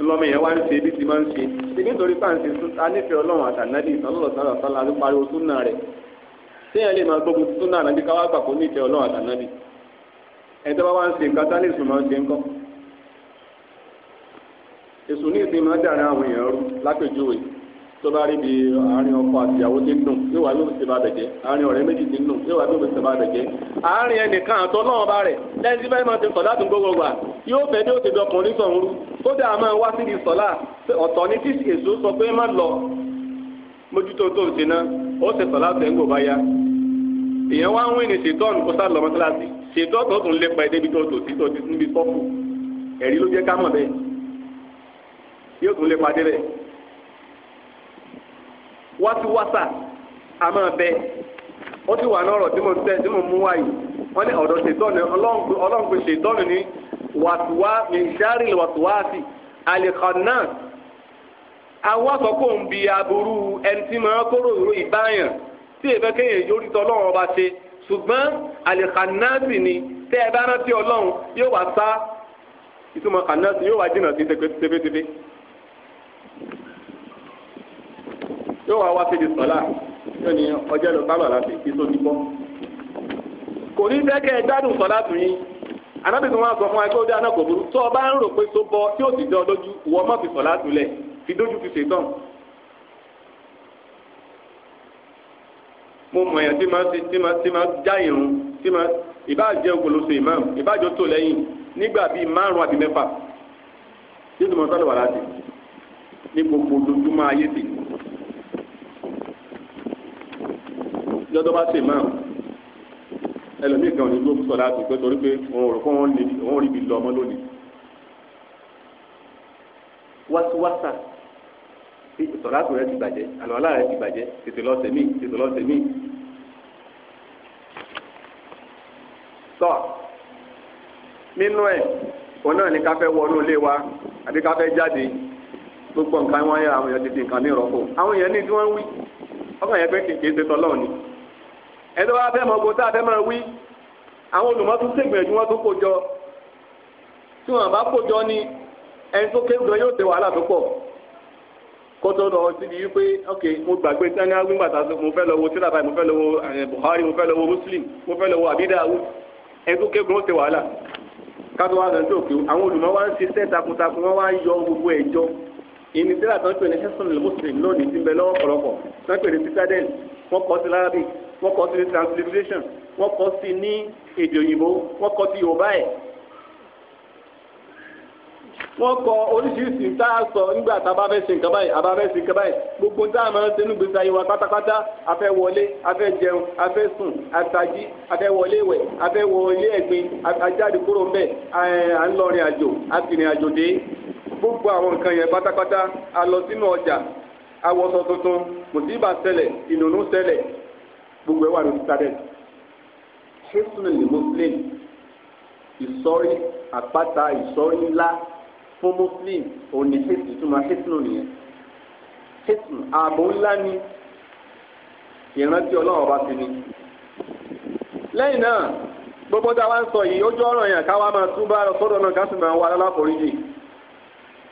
lọ́mọ yẹn wá ń ṣe bí ti máa ń ṣe ṣègbè torí pàǹsì anífẹ́ ọlọ́run àtànádì ìsọlọ́lọ́sọlọ́ sọlá ló pariwo súnà rẹ̀ téèyàn lè máa gbógun súnà ànábì káwá gbà kó nífẹ̀ẹ́ ọlọ́run àtànádì ẹni tó bá wá ń ṣe nǹkan sálẹ̀ ìsùn máa ń ṣe ń kọ́ èsùn ní ìsìn máa dára àwọn èèyàn rú lápèjúwe tó bá rí bi àárín ọkọ àti ìyàwó ti ń dùn yóò wá yóò ṣe bá bẹ̀jẹ́ àárín ọ̀rẹ́ méjì ti ń dùn yóò wá yóò ṣe bá bẹ̀jẹ́ àárín ẹnìkan àtọ́ náà bá rẹ̀ lẹ́yìn tí báyìí máa ti sọ̀ láti gbogbo gbà yóò fẹ́ bí ó ti bí ọkùnrin sọ̀rọ̀ rú kódà máa wá síbi sọ̀lá ọ̀tọ̀ ni tí èso sọ pé má lọ mójútó tó ń ṣiná ó ṣe sọ̀lá tẹ̀ ń gbò bá ya èèyàn wá ń wí ní ṣètọ́n kó sá lọ mọ́tíláàsì ṣètọ́n tó tún lépa ẹ̀ wáṣíwáṣà a máa bẹ ó ti wà lọ́rọ̀ tí mo tẹ́ tí mo mú wáyé wọ́n ní ọ̀dọ̀ ṣètọ́nù ọlọ́ǹgbè ṣètọ́nù ní wàtúwá mìṣárì wàtúwáàsì àlèkànnà àwọn àkọ́kọ́ ń bi aburú ẹni tí máa kóró ìró ìbáyàn tí èèfẹ́ kéèyàn yóò rí tọ́lọ́run ọba ṣe ṣùgbọ́n àlèkànnàsì ni tẹ́ ẹ bá rántí ọlọ́run yóò wá sá ìtumọ̀ kànnàsì yóò wá jìnnà sí tẹfẹ́tẹfẹ́ yóò wá wá síbi sọ́lá yóò ní ọjọ́ lọ bábà láti kí tó ti bọ́. kò ní fẹ́ kẹ́ ẹ gbádùn sọ́lá tù yín anábìsí wọn sọ fún wa kó dáná kò burú tó o bá ń rò pé tó bọ tí ó sì dán lójú wọ́n mọ̀ fi sọ́lá tù fi dójú fi ṣètàn. mo mọ̀ èèyàn tí máa tí máa tí máa já irun tí máa ìbáàjẹ́ ògbólóso ìmáàmù ìbáàjọ́ tó lẹ́yìn nígbà bíi márùn-ún àbí mẹ́fà tí ó ti mọ̀ sọ́dọ̀ wà láti ní gbogbo ojoojúmọ́ ayé ti lọ́dọ́ bá ṣe máa ẹlòmíì kan ò ní gbóòkú sọ̀rọ̀ àti pé torí pé òun rò pé òun rí ibi lọ ọmọ lónìí. wáṣíwáṣà sọ̀rọ̀ àti rẹ ti bàjẹ́ àlọ́lá rẹ ti bàjẹ́ tètè lọ sẹ̀mí tètè lọ sẹ̀mí. sọ nínú ẹ̀ òun náà ní ká fẹ́ wọnú ilé wa àbí ká fẹ́ jáde gbogbo nǹkan wọn yẹ àwọn èèyàn tètè nǹkan ní ìrọ́pò àwọn èèyàn ní tí wọ́n ń wí ọkàn yẹn pé kìkì ṣe ni ẹni wa fẹ́ mọ ogun tá a fẹ́ máa wí àwọn olùmọ̀ tún ṣègbìyànjú wọn tún kó jọ tí wọn bá kó jọ ni ẹni tó kéwù gan yóò ṣe wàhálà tó pọ̀ kótó lọ síbi wípé ok mo gbàgbé sani awi gbàtà mo fẹ́ lọ wo tíra mo fẹ́ lọ wo eh, Buhari mo fẹ́ lọ wo Muslim mo fẹ́ lọ wo abidahu ẹni tó kéwù gan yóò ṣe wàhálà kátó wá lọ sí òkè àwọn olùmọ̀ wá ń ṣiṣẹ́ takuntakun wọn wá yọ gbogbo ẹ̀ jọ ìní tíra tó ń pè ní hesron muslim lónìí ti ń bẹ lọ́wọ́ pọ̀lọpọ̀ tó ń pè wọ́n kọ́ sí ní transliteration wọ́n kọ́ sí ní èdè òyìnbó wọ́n kọ́ sí yorùbá ẹ̀. wọ́n kọ oríṣiríṣi tá a sọ nígbà tá a bá fẹ́ ṣe nǹkan báyìí a bá fẹ́ ṣe nǹkan báyìí gbogbo tá a máa ń tẹnu gbèsè ayé wa pátápátá a fẹ́ wọlé a fẹ́ jẹun a fẹ́ sùn a tají a fẹ́ wọlé ìwẹ̀ a fẹ́ wọlé ẹ̀gbin a jáde kúrò ńbẹ̀ à ń lọ rìn àjò a sì rìn àjò dé gbogbo àwọn nǹkan yẹn pátápátá a lọ sínú ọjà awọsọ tuntun mùsíbà ṣẹlẹ̀ ìnùnú ṣẹlẹ̀ gbogbo ẹ̀ wà lórí internet hisnu ni muslim ìsọ̀rí àpáta ìsọ̀rí ńlá fún muslim òní hisnu túmọ̀ hisnu nìyẹn hisnu ààbò ńlá ni ìrántí ọlọ́run ọba sí ni lẹ́yìn náà gbogbo tá a wá ń sọ yìí ó jọ ọ̀ràn yẹn ká wá máa túbọ̀ àrọ̀ sọ́dọ̀ náà ká sì máa wá lálàforíjì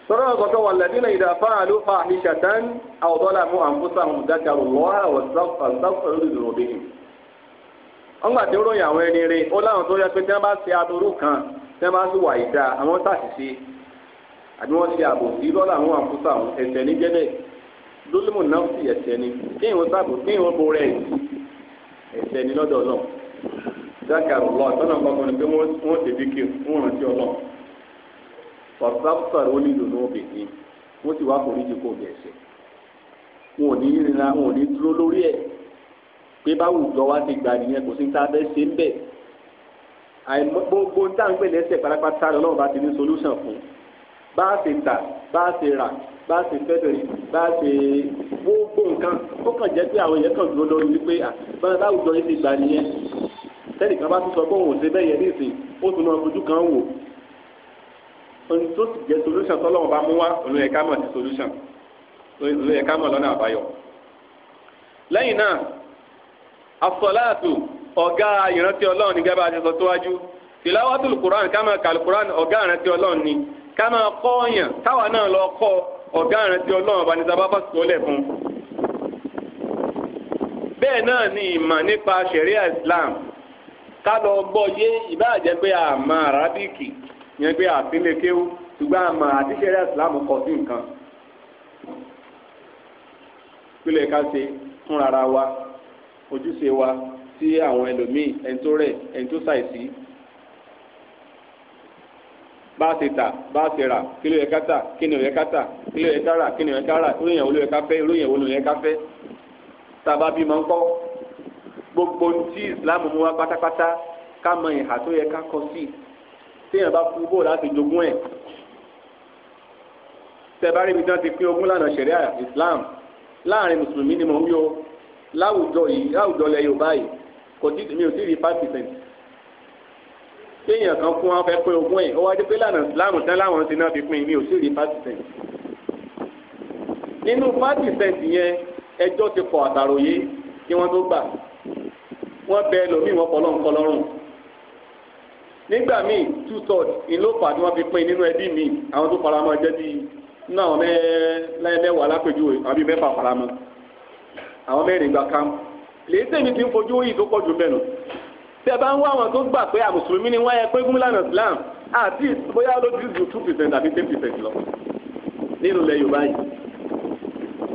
sọ́dọ̀ ọ̀gọ́tọ̀ wà lẹ́dínà ìdàfà àlùfà àhìṣàtàn àwọ̀dọ́là mú àǹfọ̀sà àwọn ìdájàrò lọ́hà wọ̀sáfàlùdùrọ̀bìnrin. wọ́n gbà tí ó ròyìn àwọn ẹni rẹ̀ ó láwọn tó yẹ pé tí wọ́n bá ṣe aburú kan tí wọ́n bá sì wà ìdá àwọn sàṣìṣe àbí wọ́n ṣe àbòsí lọ́la àwọn àǹfọ̀sà àwọn ní jẹ́lẹ̀ lólùmù náà sì ẹ̀ṣẹ̀ ni kí ìwọ̀n fọ̀fọ́fọ́rọ́ ó nílò náà bèbí wọ́n sì wá foríjì kò bẹ̀sẹ̀ wọn ò ní rìnra wọn ò ní dúró lórí ẹ̀ pé báwùjọ wa ti gbà nìyẹn kò sí ní tábẹ́ ṣe ń bẹ̀ àìmọ́ gbogbo tá à ń pè lẹ́sẹ̀ pátápátá lọ́wọ́ bá ti ní solúṣàn fún bá a ṣe tà bá a ṣe rà bá a ṣe fẹ́bẹ̀rẹ̀ bá a ṣe gbogbo nǹkan ó kàn jẹ́ pé àwọn èèyàn kàn dúró lórí wípé báwùjọ yìí ti gbà nìyẹn tẹ́nìkan bá tún sọ pé òun ò ṣe bẹ́ẹ̀ yẹn ní ìsìn ó tún náà fojú kan wò oní tó sì jẹ́ solution tọ́lọ́wọ́n bá mú wá olóyè ká mọ̀ sí solution olóyè ká mọ̀ lọ́nà àbáyọ. lẹ́yìn náà asọ́láàtù ọ̀gá ìrántí ọlọ́run ní gẹ́gẹ́ bá a ti sọ síwájú tìláwátù kùrán ká máa kàlù kùrán ọ̀gá ìrántí ọlọ́run ni ká máa kọ́ ọ̀yàn káwa náà lọ kọ́ ọ̀gá ìrántí ọlọ́run ọba ní sábàbà sọ́lẹ̀ fún. bẹ́ẹ̀ náà ni ìmọ̀ nípa ṣẹ̀ríà Islam ká lọ gbọ́ yé ìbáàjẹ́ pé àmà arábíkì yẹn pé àtìlẹ kéwú ṣùgbọ́n àmọ́ àdíṣẹ́rẹ́ ìsìlámù kọ sí nǹkan pílẹ̀ ká ṣe fúnra wa ojúṣe wa sí àwọn ẹlòmíì ẹni tó rẹ̀ ẹni tó ṣàìsí bá a ṣe tà bá a ṣe rà kí ló yẹ ká tà kí ni ò yẹ ká tà kí ló yẹ ká rà kí ni ò yẹ ká rà irú ìyàwó ló yẹ ká fẹ́ irú ìyàwó ló yẹ ká fẹ́ tá a bá bímọ ńkọ́ gbogbo tí ìsìlámù mú wa pátápátá ká mọ ìhà tó yẹ ká kọ sí i téèyàn bá kú bó láti jogún ẹ̀ tẹ̀bárí ibi tí wọ́n ti pín ogún lánàá ṣẹ̀ríà Islam láàrin mùsùlùmí ni mò ń yọ láwùjọ yìí láwùjọ lẹ Yorùbá yìí kò tí mi ò tí ì rí five percent téèyàn kan kú wọn fẹ́ pín ogún ẹ̀ ó wájú pé lánàá Islam tán láwọn ti náà fi pín mi ò tí ì rí five percent nínú five percent yẹn ẹjọ́ ti pọ̀ àtàròyé kí wọ́n tó gbà wọ́n bẹ ẹlòmíì wọ́n pọ̀ lọ́nkọ́ lọ́rùn nígbà míì two third ìlópa ni wọ́n fi pín nínú ẹbí mi àwọn tó faramọ́ jẹ́ bíi nínú àwọn mẹ́ẹ̀ẹ́dẹ́wà alápèjúwe àbí mẹ́fà faramọ́ àwọn mẹ́rin gba kámù lèyí tèmi ti ń fojú yìí tó pọ̀ jù mẹ́nu tẹ bá ń wá àwọn tó gbà pé àmùsùlùmí ni wọ́n yẹ pé gúnmílànà Islam àti bóyá ló ti ju two percent àbí ten percent lọ nínú ilẹ̀ Yorùbá yìí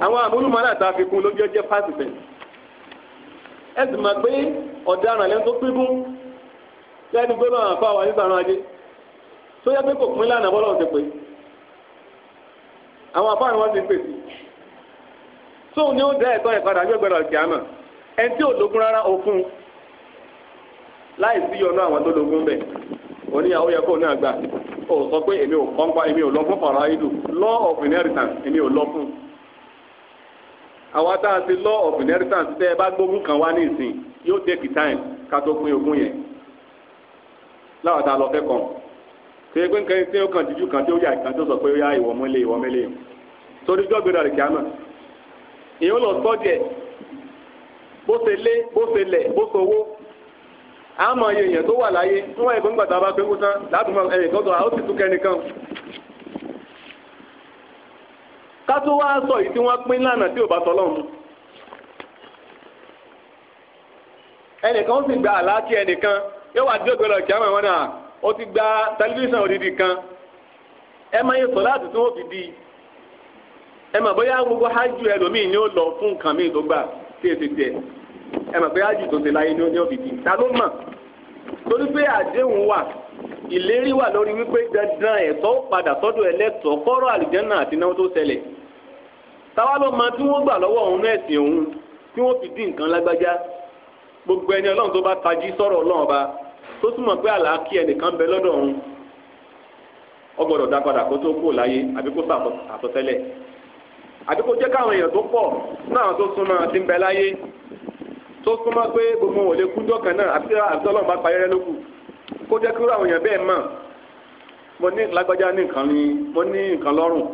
àwọn àmúlùmọ́ náà ta fi kún lójú ọjọ́ five percent ẹ sì mọ̀ pé ọ̀daràn lẹ́nu tó pín fún lẹ́nu gbé náà fáwọn àyíṣàrán ajé tó yẹ pé kò pín lánàá ti pè àwọn ni wọn ti pè pèsè tóun ni ó dá ẹ̀tọ́ yẹn padà ní ẹni tí ò rárá òfun láì sí yọnu àwọn tó oníyàwó yẹ kó pé èmi ò kọ́ ń èmi ò lọ fún ayélu law of inheritance èmi ò lọ fún Àwọn ti law of inheritance ẹ bá gbógun kan wá ní ìsìn láwọn tá a lọ fẹ́ kàn ṣe pé nǹkan tí ó kàn jíjú kan tí ó yà kan ó sọ pé ó yà ìwọ mọ́lẹ̀ ìwọ mọ́lẹ̀ torí jọ́ gbéra rẹ̀ kí á mọ̀ èyí lọ sọ́ díẹ̀ bó ṣe lé bó ṣe lẹ̀ bó ṣe owó iye èèyàn tó wà láyé wọ́n wáyé fún gbàtà bá pé kú tán láti mọ ẹ̀yìn kan tó àwọn sì tún kẹ́nìkan. ká tó wá sọ yìí tí wọ́n pín lánàá tí ò bá tọ́lọ́ mu. ẹnìkan ó sì gba àlá yóò wá dúró gbọdọ̀ kí àwọn ẹ̀wọ̀n náà ti gba tẹlifíṣàn òdìdí kan ẹ máa yẹ sọlá àti tí fi di ẹ mà bóyá gbogbo hajj ẹlòmíì ni ó lọ fún nǹkan mi tó gbà tí èsì tẹ ẹ mà pé hajj tó ti láyé ni ó fi di ta ló mọ̀ torí pé àdéhùn wà ìlérí wà lórí wípé dandan ẹ̀tọ́ padà sọ́dọ̀ àlùjẹ́nà àti náwó tó ṣẹlẹ̀ táwa ló mọ tí wọ́n gbà lọ́wọ́ òun náà ẹ̀sìn òun tí wọ́n fi dín nǹkan lágbájá gbogbo ẹni ọlọ́run tó bá tají sọ̀rọ̀ ọlọ́run ọba tó túmọ̀ pé àlàákí ẹnìkan bẹ lọ́dọ̀ òun ó gbọ́dọ̀ dá padà kó tó kú láyé àbí kó sà àsọtẹ́lẹ̀ àbí kó jẹ́ káwọn èèyàn tó pọ̀ náà tó súnmọ́ ti ń bẹ láyé tó súnmọ́ pé gbogbo wọn ò lè kú dọ́kan náà àti àtọ́lọ́run bá payẹ́rẹ́ ló kó jẹ́ àwọn èèyàn bẹ́ẹ̀ mọ̀ mo ní lágbájá ní nǹkan ní mo ní nǹkan lọ́rùn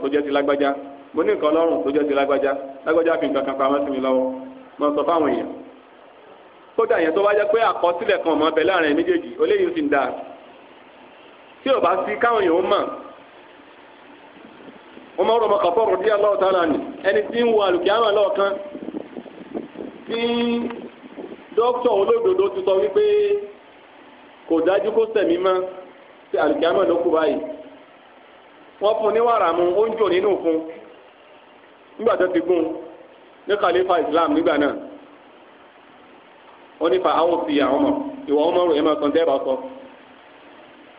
sọ fáwọn èèyàn kódà yẹn tó bá jẹ́ pé àkọsílẹ̀ kan mọ́ bẹ láàrin méjèèjì eléyìí sì ń dáa tí ò bá sí káwọn èèyàn mọ̀ wọ́n máa ń rọmọ kàfọ́ rọ̀ díẹ̀ lọ́wọ́ sára nì ẹni tí ń wo àlùkìyàmà lọ́ọ̀kan tí dókítà olódodo ti sọ wípé kò dájú kó sẹ̀mí mọ́ sí àlùkìyàmà ló kú báyìí wọ́n fún ní wàrà mu ó ń jò nínú fún nígbà tó ti gún ní khalifa islam nígbà náà. wọ́n ní fa àwọn ti àwọn ọmọ ìwọ ọmọ rẹ̀ máa sọ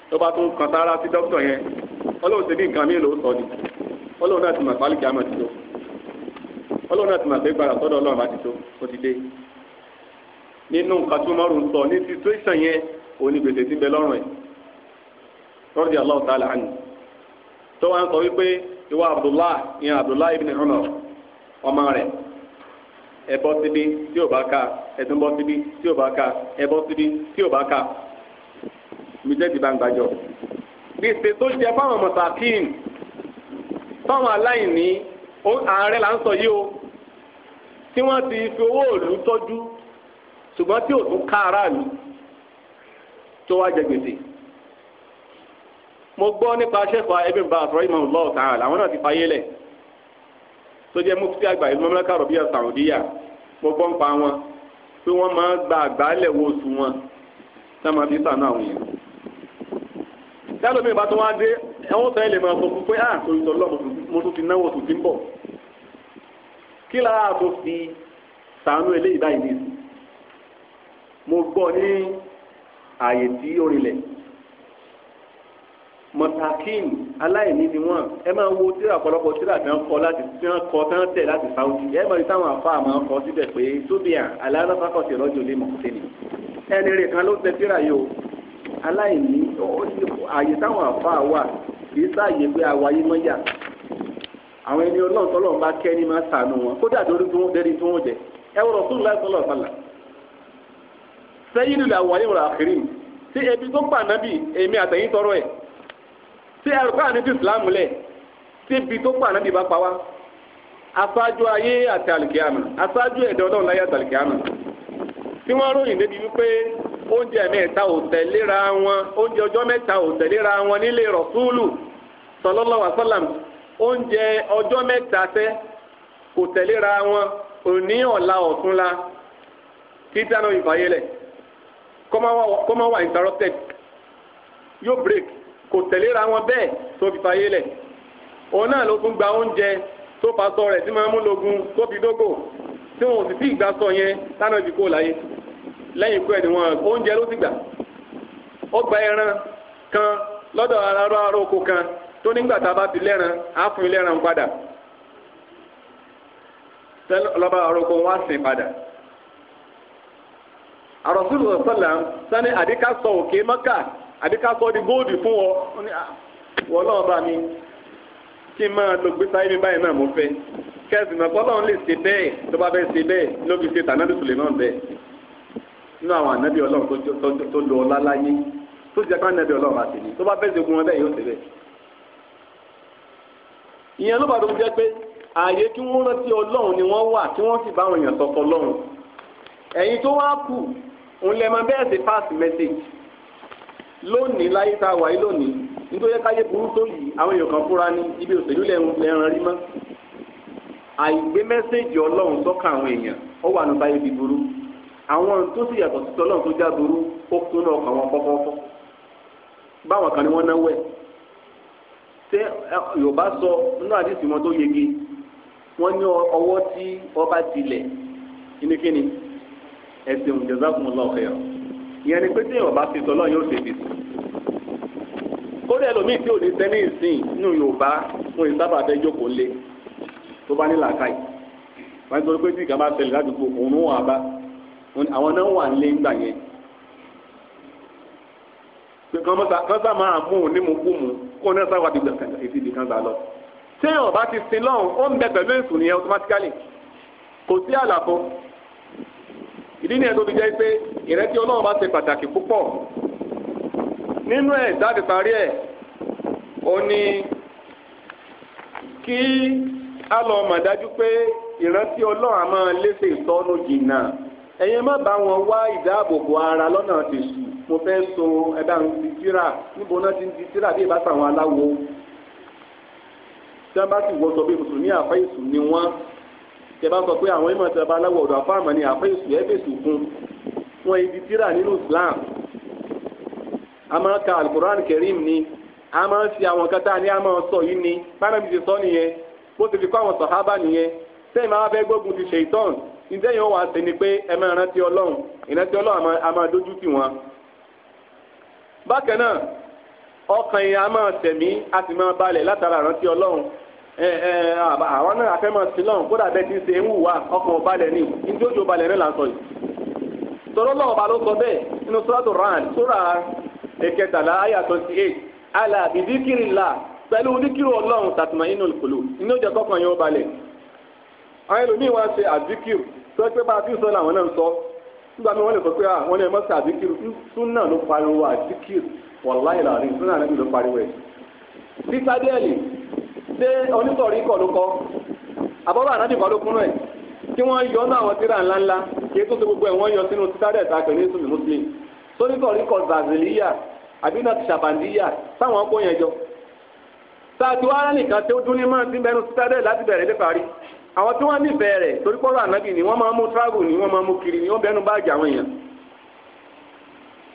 sọ bá tún kàn sára sí dókítà yẹn ti bí nǹkan ló sọ ni ọlọ́run náà ti mà pálí kíámọ̀ ti tó ọlọ́run náà ti mà pé gbàrà sọ́dọ̀ ọlọ́run bá ti tó ó ti dé nínú nǹkan tí sọ ní situation yẹn òun ni gbèsè ti bẹ lọ́rùn ẹ̀ Allah ta'ala anhu tó wá ń sọ wípé ìwọ Abdullah ìyẹn ọmọ rẹ̀ ẹ bọ́ síbi tí ò bá ka ẹ tún bọ́ síbi tí ò bá ka ẹ bọ́ síbi tí ò bá ka mìtẹ́tì bá ń gbàjọ. gbèsè tó jẹ fáwọn mọ̀sákìn fáwọn aláìní ààrẹ là ń sọ yìí o tí wọ́n ti fi owó òòlù tọ́jú ṣùgbọ́n tí ò tún ká aráàlú tó wá jẹ gbèsè mo gbọ́ nípa sẹ́kọ̀ọ́ ẹbí ń ba àtúrọ́ ìmọ̀ ọ̀lọ́ọ̀ta àwọn náà ti fayé lẹ̀ tó jẹ́ mufti àgbà ìlú mọ́mọ́lẹ́kà rọ̀bíyà sàwùdíyà mo gbọ́ ń pa wọn pé wọ́n máa gba àgbálẹ̀ wo oṣù wọn tá máa fi sànú àwọn yẹn. dálómi ìbá tó wá dé ẹ̀wọ̀n sọ ẹ̀ lè máa sọ fún pé à ah, torí sọ lọ́ọ̀ mo tún ti náwó oṣù tí ń bọ̀ kí láà tó fi sànú eléyìí báyìí ní mo gbọ́ ní àyè tí ó rinlẹ̀ mọ̀tàkìm aláìní ni wọ́n ẹ máa wo tíra ọ̀pọ̀lọpọ̀ tíra tí wọ́n kọ́ láti tí wọ́n kọ́ tí wọ́n tẹ̀ láti Saudi ẹ máa rí táwọn afá máa ń kọ́ síbẹ̀ pé tóbíà aláàlọ́fàkọ̀tì rọ́jò lè mọ̀kúté ni ẹni rẹ̀ kan ló tẹ tíra yìí o aláìní àyè táwọn afá wà kì í sáàyè pé àwáyé mọ́ yà àwọn ẹni ọlọ́run tọ́lọ́run bá kẹ́ ni máa sànù wọn kódà torí tó ń dẹ́ni tó ń jẹ ẹ wọ́n rọ̀ fún láìsọ́lọ́ ọ̀fàlà sẹ́yìn ìlú àwọn ayé wọn àkírí tí ebi tó ń pa nábì èmi àtẹ̀yìn tọrọ ṣé ẹrù fún àníbi islam lẹ̀ síbi tó pa ànábì bá pa wá aṣáájú ayé àti àlìkíyàmà aṣáájú ẹ̀dọ́ ọlọ́run láyé àti àlìkíyàmà tí wọ́n ròyìn débi wípé oúnjẹ mẹ́ta ò tẹ̀léra wọn oúnjẹ ọjọ́ mẹ́ta ò tẹ̀léra wọn nílé rọ̀túùlù sallallahu alaihi wasallam oúnjẹ ọjọ́ mẹ́ta tẹ́ kò tẹ̀léra wọn òní ọ̀la ọ̀túnla kí dáná ìfàyẹlẹ̀ kọ́mọ́ wà interrupted yóò break kò tẹ̀léra wọn bẹ́ẹ̀ tó fi fayé lẹ̀ òun náà ló gba oúnjẹ tó fa sọ rẹ̀ tí máa ń mú lógun tó fi dógò tí wọn ò sì sí ìgbà sọ yẹn lánà ibi kó láyé lẹ́yìn ikú ẹ̀ ni wọn oúnjẹ ló ti gbà ó gba ẹran kan lọ́dọ̀ ará ará oko kan tó nígbà tá a bá ti lẹ́ran á fún ilé ẹran padà lọ́ba ará oko sìn padà. sani àdíkà sọ òkè mọ́kà àbí ká sọ di góòdì fún ọ wọ́n lọ́wọ́ bá mi kí n máa lo gbèsè ayé mi báyìí náà mo fẹ́ kẹ́sì náà kọ́ lọ́run lè ṣe bẹ́ẹ̀ tó bá fẹ́ ṣe bẹ́ẹ̀ ló fi ṣe tànàbí sùlẹ̀ náà bẹ́ẹ̀ nínú àwọn ànábì ọlọ́run tó lo ọlá láyé tó jẹ́ káwọn ànábì ọlọ́run àti ní tó bá fẹ́ ṣe gun wọn bẹ́ẹ̀ yóò ṣe bẹ́ẹ̀. ìyẹn ló bá tó jẹ́ pé ààyè kí wọ́n rántí ọlọ́run ni wọ́n wà kí wọ́n sì bá àwọn èèyàn sọ̀tọ̀ ọlọ́run ẹ̀yin tó wá kù òun lè máa bẹ́ẹ̀ ṣe pass message lónìí láyé tá a wà yìí lónìí nítorí káyé burú tó yìí àwọn èèyàn kan fúnra ní ibi òṣèlú lẹ́ran rí mọ́ àìgbé mẹ́sẹ̀jì ọlọ́run sọ́kà àwọn èèyàn ó wà ní báyé bí burú àwọn tó sì yàtọ̀ sí tọ́lọ́run tó já burú ó tún náà kàn wọ́n fọ́fọ́fọ́ báwọn kan ni wọ́n náwó ẹ̀ ṣé yorùbá sọ nínú àdìsí wọn tó yege wọ́n ní ọwọ́ tí ọba tilẹ̀ kíníkíní ẹ̀sìn òǹjẹ́sàkùnmọ́lá ọ̀kẹ́yọ̀ ìyẹn ni pé tí Yorùbá ti sọ lọ́yìn ó ṣe fi sùn kódà ẹlòmíì tí ò ní sẹ́ni ìsìn nínú Yorùbá fún ìsábà fẹ́ jókòó lé tó bá ní làákàyè wọ́n sọ pé tí ìkàbá ṣẹlẹ̀ ládùúgbò òun ó wà bá àwọn náà wà nílé ńgbà yẹn pé kán sá máa mú un ní mu kú mu kó náà sáwà dìgbà kan èsì ìdìkan gbà lọ. téèyàn bá ti sin lọ́hùn ó ń bẹ pẹ̀lú ìsùn yẹn ìdí ni ẹ̀tọ́ ti jẹ́ pé ìrètí ọlọ́run bá ṣe pàtàkì púpọ̀ nínú ẹ̀ jáde parí ẹ̀ ó ní kí a lọ mọ̀ dájú pé ìrántí ọlọ́run a máa léṣe ìtọ́nu jìnnà ẹ̀yin má bá wọn wá ìdáàbòbò ara lọ́nà tèṣù mo fẹ́ so ẹ̀dá ń di tíra níbo náà ti ń di tíra bí ìbátan àwọn aláwo tí wọ́n bá sì wọ́n sọ bí mùsùlùmí àfẹ́ ìsùn ni wọ́n. tẹ bá sọ pé àwọn ìmọ̀ tẹ bá aláwọ̀ ọ̀dọ̀ afáàmọ́ ni àfẹ́sù ẹ̀fẹ́sù fún wọn ibi tíra nínú Islam a máa ka alukur'an kerim ni a máa ń fi àwọn kata ni a máa sọ yìí ni bára mi ti sọ nìyẹn bó ti fi kọ́ àwọn sàhábà nìyẹn sẹ́yìn máa fẹ́ gbógun ti ṣèitán ǹjẹ́ yẹn wàá ṣe ni pé ẹ máa rántí Ọlọ́run ìrántí Ọlọ́run a máa dójú tì wọ́n. bákan náà ọkàn yẹn a máa tẹ̀mí a sì máa balẹ̀ látara ìrántí Ọlọ́run àwọn náà afẹ́mọ̀ sílọ̀n kódà bẹ́ẹ̀ ti ṣe ń wa ọkàn balẹ̀ ní ní ojú balẹ̀ yìí. ọba ló sọ bẹ́ẹ̀ nínú sọ́dọ̀ ran sóra ẹ̀kẹtàlá àyà twenty eight àlà bìbíkìrì là pẹ̀lú oníkìrì ọlọ́run tàtùmọ̀ inú ìkòló inú ojú kọ́kàn yẹn ó balẹ̀. àwọn ẹlòmíín wá ṣe bá a fi sọ làwọn náà sọ nígbà mi lè sọ pé àwọn ṣé onítọ̀rí kọ̀ ló kọ́ àbọ̀bọ̀ ànábì kọ́ ló kún rẹ̀ kí wọ́n yọ ọ́nà àwọn tíra ńláńlá kí ètò gbogbo ẹ̀ wọ́n yọ sínú a ẹ̀ta pẹ̀lú ìsúnmi muslim kọ̀ àbí náà yẹn jọ nìkan tó dún ní máa ti bẹnu sáré láti bẹ̀rẹ̀ dé parí àwọn tí wọ́n nífẹ̀ẹ́ rẹ̀ torí pọ́lọ́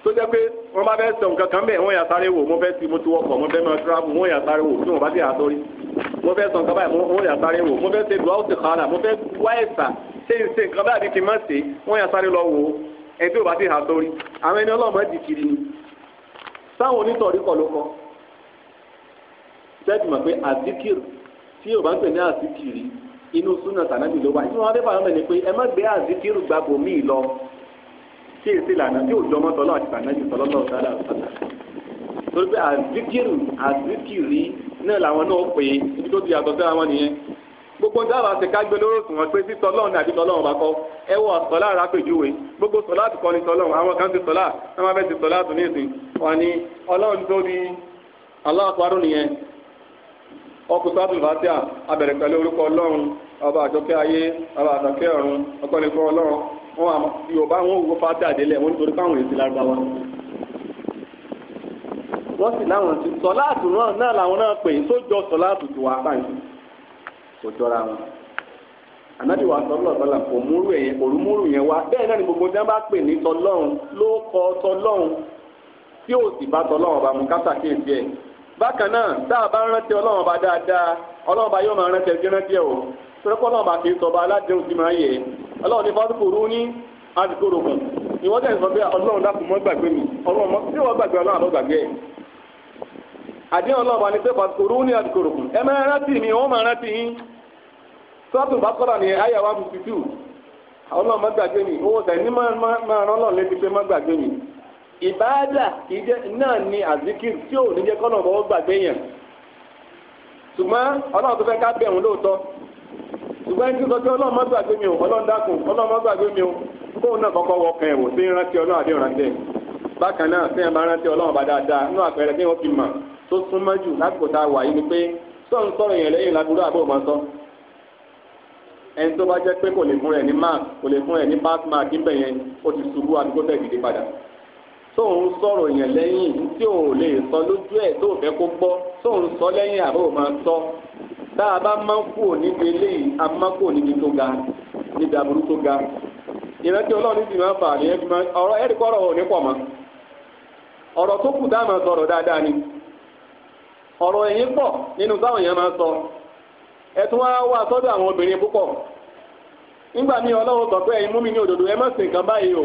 tó jẹ́ pé wọ́n bá fẹ́ sọ nǹkan kan bẹ́ẹ̀ wọ́n yà sáré wò mo fẹ́ ti mo ti wọkọ̀ mo fẹ́ mọ tíráàbù wọ́n yà sáré wò tí wọ́n bá ti yà sórí mo fẹ́ sọ nǹkan báyìí wọ́n yà sáré wò mo fẹ́ ṣe dùwà òsì kàrà mo fẹ́ wá ẹ̀sà ṣé n ṣe nǹkan báyìí kí n má ṣe wọ́n yà sáré lọ wò ẹ tí ò bá ti yà sórí àwọn ẹni ọlọ́mọ ẹ̀ dìkiri ni sáwọn onítọ̀rí kọ̀ ló kọ́ sẹ́ẹ̀tì mọ̀ pé àzikir tí yorùbá ń pè ní àzikiri inú súnà tànàbì ló wà ìtumọ̀ adébáyọ̀ mẹ́ni pé ẹ má gbé àzikir gbàgbọ́ míì lọ tí èsì lànà tí òjò ọmọ tọ́lọ́ àti tànàjì tọ́lọ́ lọ́wọ́ sára àtàlà torí pé àzíkìrì àzíkìrì náà làwọn náà pè é ibi tó ti yàtọ̀ síra wọn nìyẹn gbogbo ń dábàá ṣe kágbé lóró sùn wọn pé sí àti bá kọ ẹ wọ gbogbo sọlá tó kọ ní tọlọ́run àwọn sọlá wọn ti sọlá tó ìsìn wọn ni ọlọ́run tó di aláàpárò nìyẹn ọkùn wọn àmọ́ fi ọba wọn wo fata àdélẹ̀ wọn nítorí káwọn èsì lárúbáwá wọ́n sì láwọn ti sọ̀láàtù náà làwọn náà pè é sójọ sọ̀láàtù tó wà báyìí kò jọra wọn ànábì wa sọ lọ́rọ̀ sọ́la kò múrù yẹn òru múrù yẹn wá bẹ́ẹ̀ náà ni gbogbo tí wọ́n bá pè ní tọlọ́run ló kọ tọlọ́run tí ò sì bá tọlọ́run ọba mú kásà kéèsì ẹ̀ bákan náà tá a bá rántí ọlọ́run ọba dáadáa ọlọ́run ọba yóò máa rántí ẹgbẹ́ sọ́kọ́nà ọba kì í bá aládéhùn sí máa yẹ ọlọ́run ní fásitìkòrò ní àdìkòrògùn ìwọ́n sọ ọlọ́run dákun mọ́ gbàgbé mi ọlọ́run mọ́ tí wọ́n gbàgbé ọlọ́run ẹ̀ àdéhùn ọlọ́run ní pé ní ẹ máa rántí mi wọ́n máa rántí yín bá ní àyà wa fifty two ọlọ́run mọ́ gbàgbé mi owó tẹ̀ ṣùgbọ́n ẹni tí sọ pé ọlọ́run má gbàgbé mi o ọlọ́run dákun ọlọ́run má gbàgbé mi o kóun náà kọ́kọ́ wọ ọkàn ẹ̀wò sí rántí ọlọ́run àbí bákan náà sí ọlọ́run bá dáadáa inú àpẹẹrẹ wọ́n fi tó súnmọ́ jù lásìkò tá a wà yìí ni pé sọ́run sọ̀rọ̀ yẹn lẹ́yìn ládùúrà àbúrò máa sọ tá a bá máa ń kúrò níbi eléyìí a máa kúrò níbi tó ga níbi aburú tó ga ìrántí ọlọ́run sì máa fà ní ẹbí máa ọ̀rọ̀ ẹ̀rí kọ́ ọ̀rọ̀ ò ní pọ̀ mọ́ ọ̀rọ̀ ni ọ̀rọ̀ ẹ̀yìn pọ̀ nínú táwọn èèyàn máa sọ ẹ̀tún wá wà sọ́dọ̀ àwọn obìnrin púpọ̀ nígbà míì ọlọ́run sọ pé ẹ̀yin mú mi ní ẹ má nǹkan báyìí o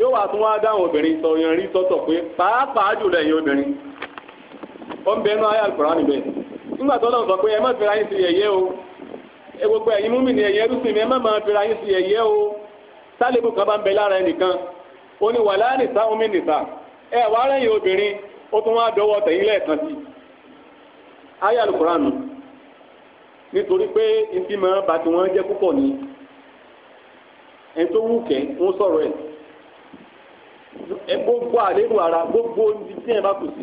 yóò wá tún wá dáhùn obìnrin sọ yan rí sọ́tọ̀ pé pàápàá jùlọ ẹ̀yin obìnrin ó ń ayé nígbà tó lọ́n sọ pé ẹ má fira yín sí ẹ̀yẹ o ẹ gbogbo ẹ̀yin múmi ni ẹ̀yẹ rúsìn mi ẹ má máa fira yín sí ẹ̀yẹ o sálẹ̀bù kan bá ń bẹ lára ẹnìkan ó ní wàhálà nìta omi nìta ẹ wàá rẹ̀yìn obìnrin ó tún wá dọwọ́ tẹ̀yìn lẹ́ẹ̀kan sí ayé alukóránù nítorí pé ntí máa bá tiwọn jẹ́ púpọ̀ ni ẹ̀ tó wù kẹ́ ń sọ̀rọ̀ ẹ̀ gbogbo àlébù ara gbogbo ibi tí ẹ bá kù sí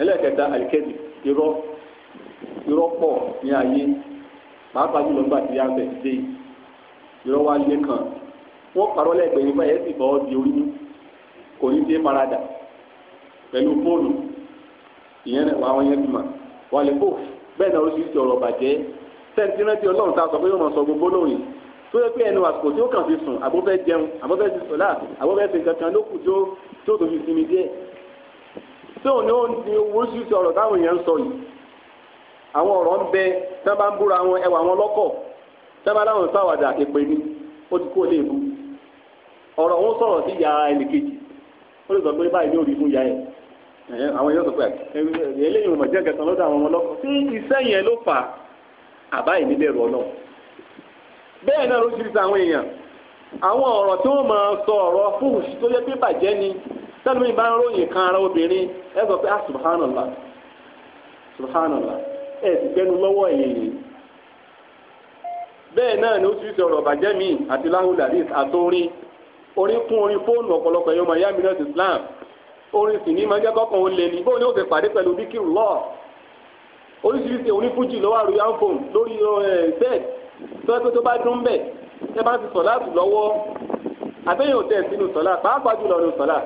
ẹlẹ́ẹ̀kẹta àìkẹ́dì irọ́ irọ́ pọ̀ ní ayé pàápàá jùlọ nígbà tí yàgbẹ́ dé irọ́ wá lé kan wọ́n parọ́ lẹ́gbẹ̀ẹ́ nípa ẹ̀ sì bọ́ di orí mú kò ní dé paradà pẹ̀lú fóònù ìyẹn náà wà wọ́n yẹn bímọ wà lè kó bẹ́ẹ̀ náà oríṣiríṣi ọ̀rọ̀ bàjẹ́ sẹ́ńtì rántí ọlọ́run tá a sọ pé yóò mọ̀ sọ gbogbo lóyìn tó yẹ pé ẹnu àsìkò tí ó kàn fi sùn àbó jẹun àbó ti sọ̀lá àbó ti kankan lókù tó tó fi sinmi díẹ̀ tí òun ni ó ti owó sí ọ̀rọ̀ táwọn èèyàn ń sọ yìí àwọn ọ̀rọ̀ ń bẹ tí wọ́n bá ń búra wọn ẹwà wọn lọ́kọ̀ tí wọ́n bá láwọn sáwàdà èpè ni ó ti kó léèbù ọ̀rọ̀ wọn sọ̀rọ̀ sí ìyá ẹnìkejì ó lè sọ pé báyìí yóò rí fún ìyá ẹ àwọn èèyàn sọ pé eléyìí wọn jẹ́ kẹsàn-án lọ́dọ̀ àwọn ọmọ lọ́kọ̀ sí iṣẹ́ yẹn ló fà àbá ìníbẹ̀rù ọlọ́ bẹ́ẹ̀ náà ló ṣ sẹ́nu mi bá ń ròyìn kan ara obìnrin ẹ gbọ́ pé ah subhanallah subhanallah ẹ ti gbẹnu lọ́wọ́ ẹ̀yìn yìí bẹ́ẹ̀ náà ni ó ti sọ̀rọ̀ bàjẹ́ mi àti láhùn ladis àtòrin orin kún orin fóònù ọ̀pọ̀lọpọ̀ ẹ̀yọ́ maya minus islam orin sì ní máa jẹ́ kọ́kàn ó lè ní bóun ni ó ti pàdé pẹ̀lú bíkì lọ oríṣiríṣi onífújì lọ́wọ́ àrùn yánfòm lórí bẹ́ẹ̀ tọ́jú tó bá dún bẹ́ẹ̀ ẹ bá ti sọ̀ láti lọ́wọ́ àbẹ́yẹn ò tẹ̀ sínú sọ̀lá pàápàá jùlọ ní sọ̀lá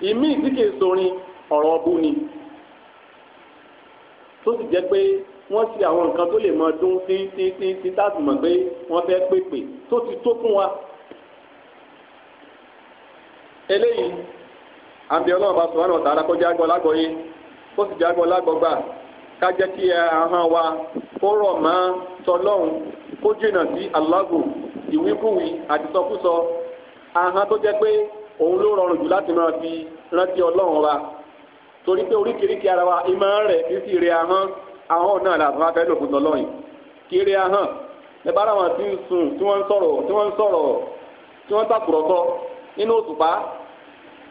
ìmí tí kìí sorin ọ̀rọ̀ ọbú ni tó sì jẹ́ pé wọ́n ti àwọn nǹkan tó lè mọ dún tí tí tí tí táàbù mọ̀ pé wọ́n fẹ́ pèpè tó ti tó fún wa. eléyìí àbí ọlọ́run bá sọ wọn ọ̀tá alákọ̀ọ́jà gbọ́ lágbọ́yé kó sì jágbọ́ lágbọ́gbà ká jẹ́ kí ahọ́n wa kó rọ̀ mọ́ tọlọ́run kó jìnnà sí aláàbò ìwíkúwí àti sọkúsọ ahọ́n tó jẹ́ pé òun ló rọrùn jù láti máa fi rántí ọlọ́run wa torí pé oríkèéríkèé ara wa ìmọ̀ rẹ̀ títí rẹ̀ ahọ́n ahọ́n náà làbọ̀ wá fẹ́ lò fún tọ́lọ́yìn kí rẹ̀ ahọ́n ẹ bá àwọn tí ń sùn tí wọ́n ń sọ̀rọ̀ tí wọ́n ń sọ̀rọ̀ tí wọ́n ń tàkùrọ̀sọ nínú òtùpá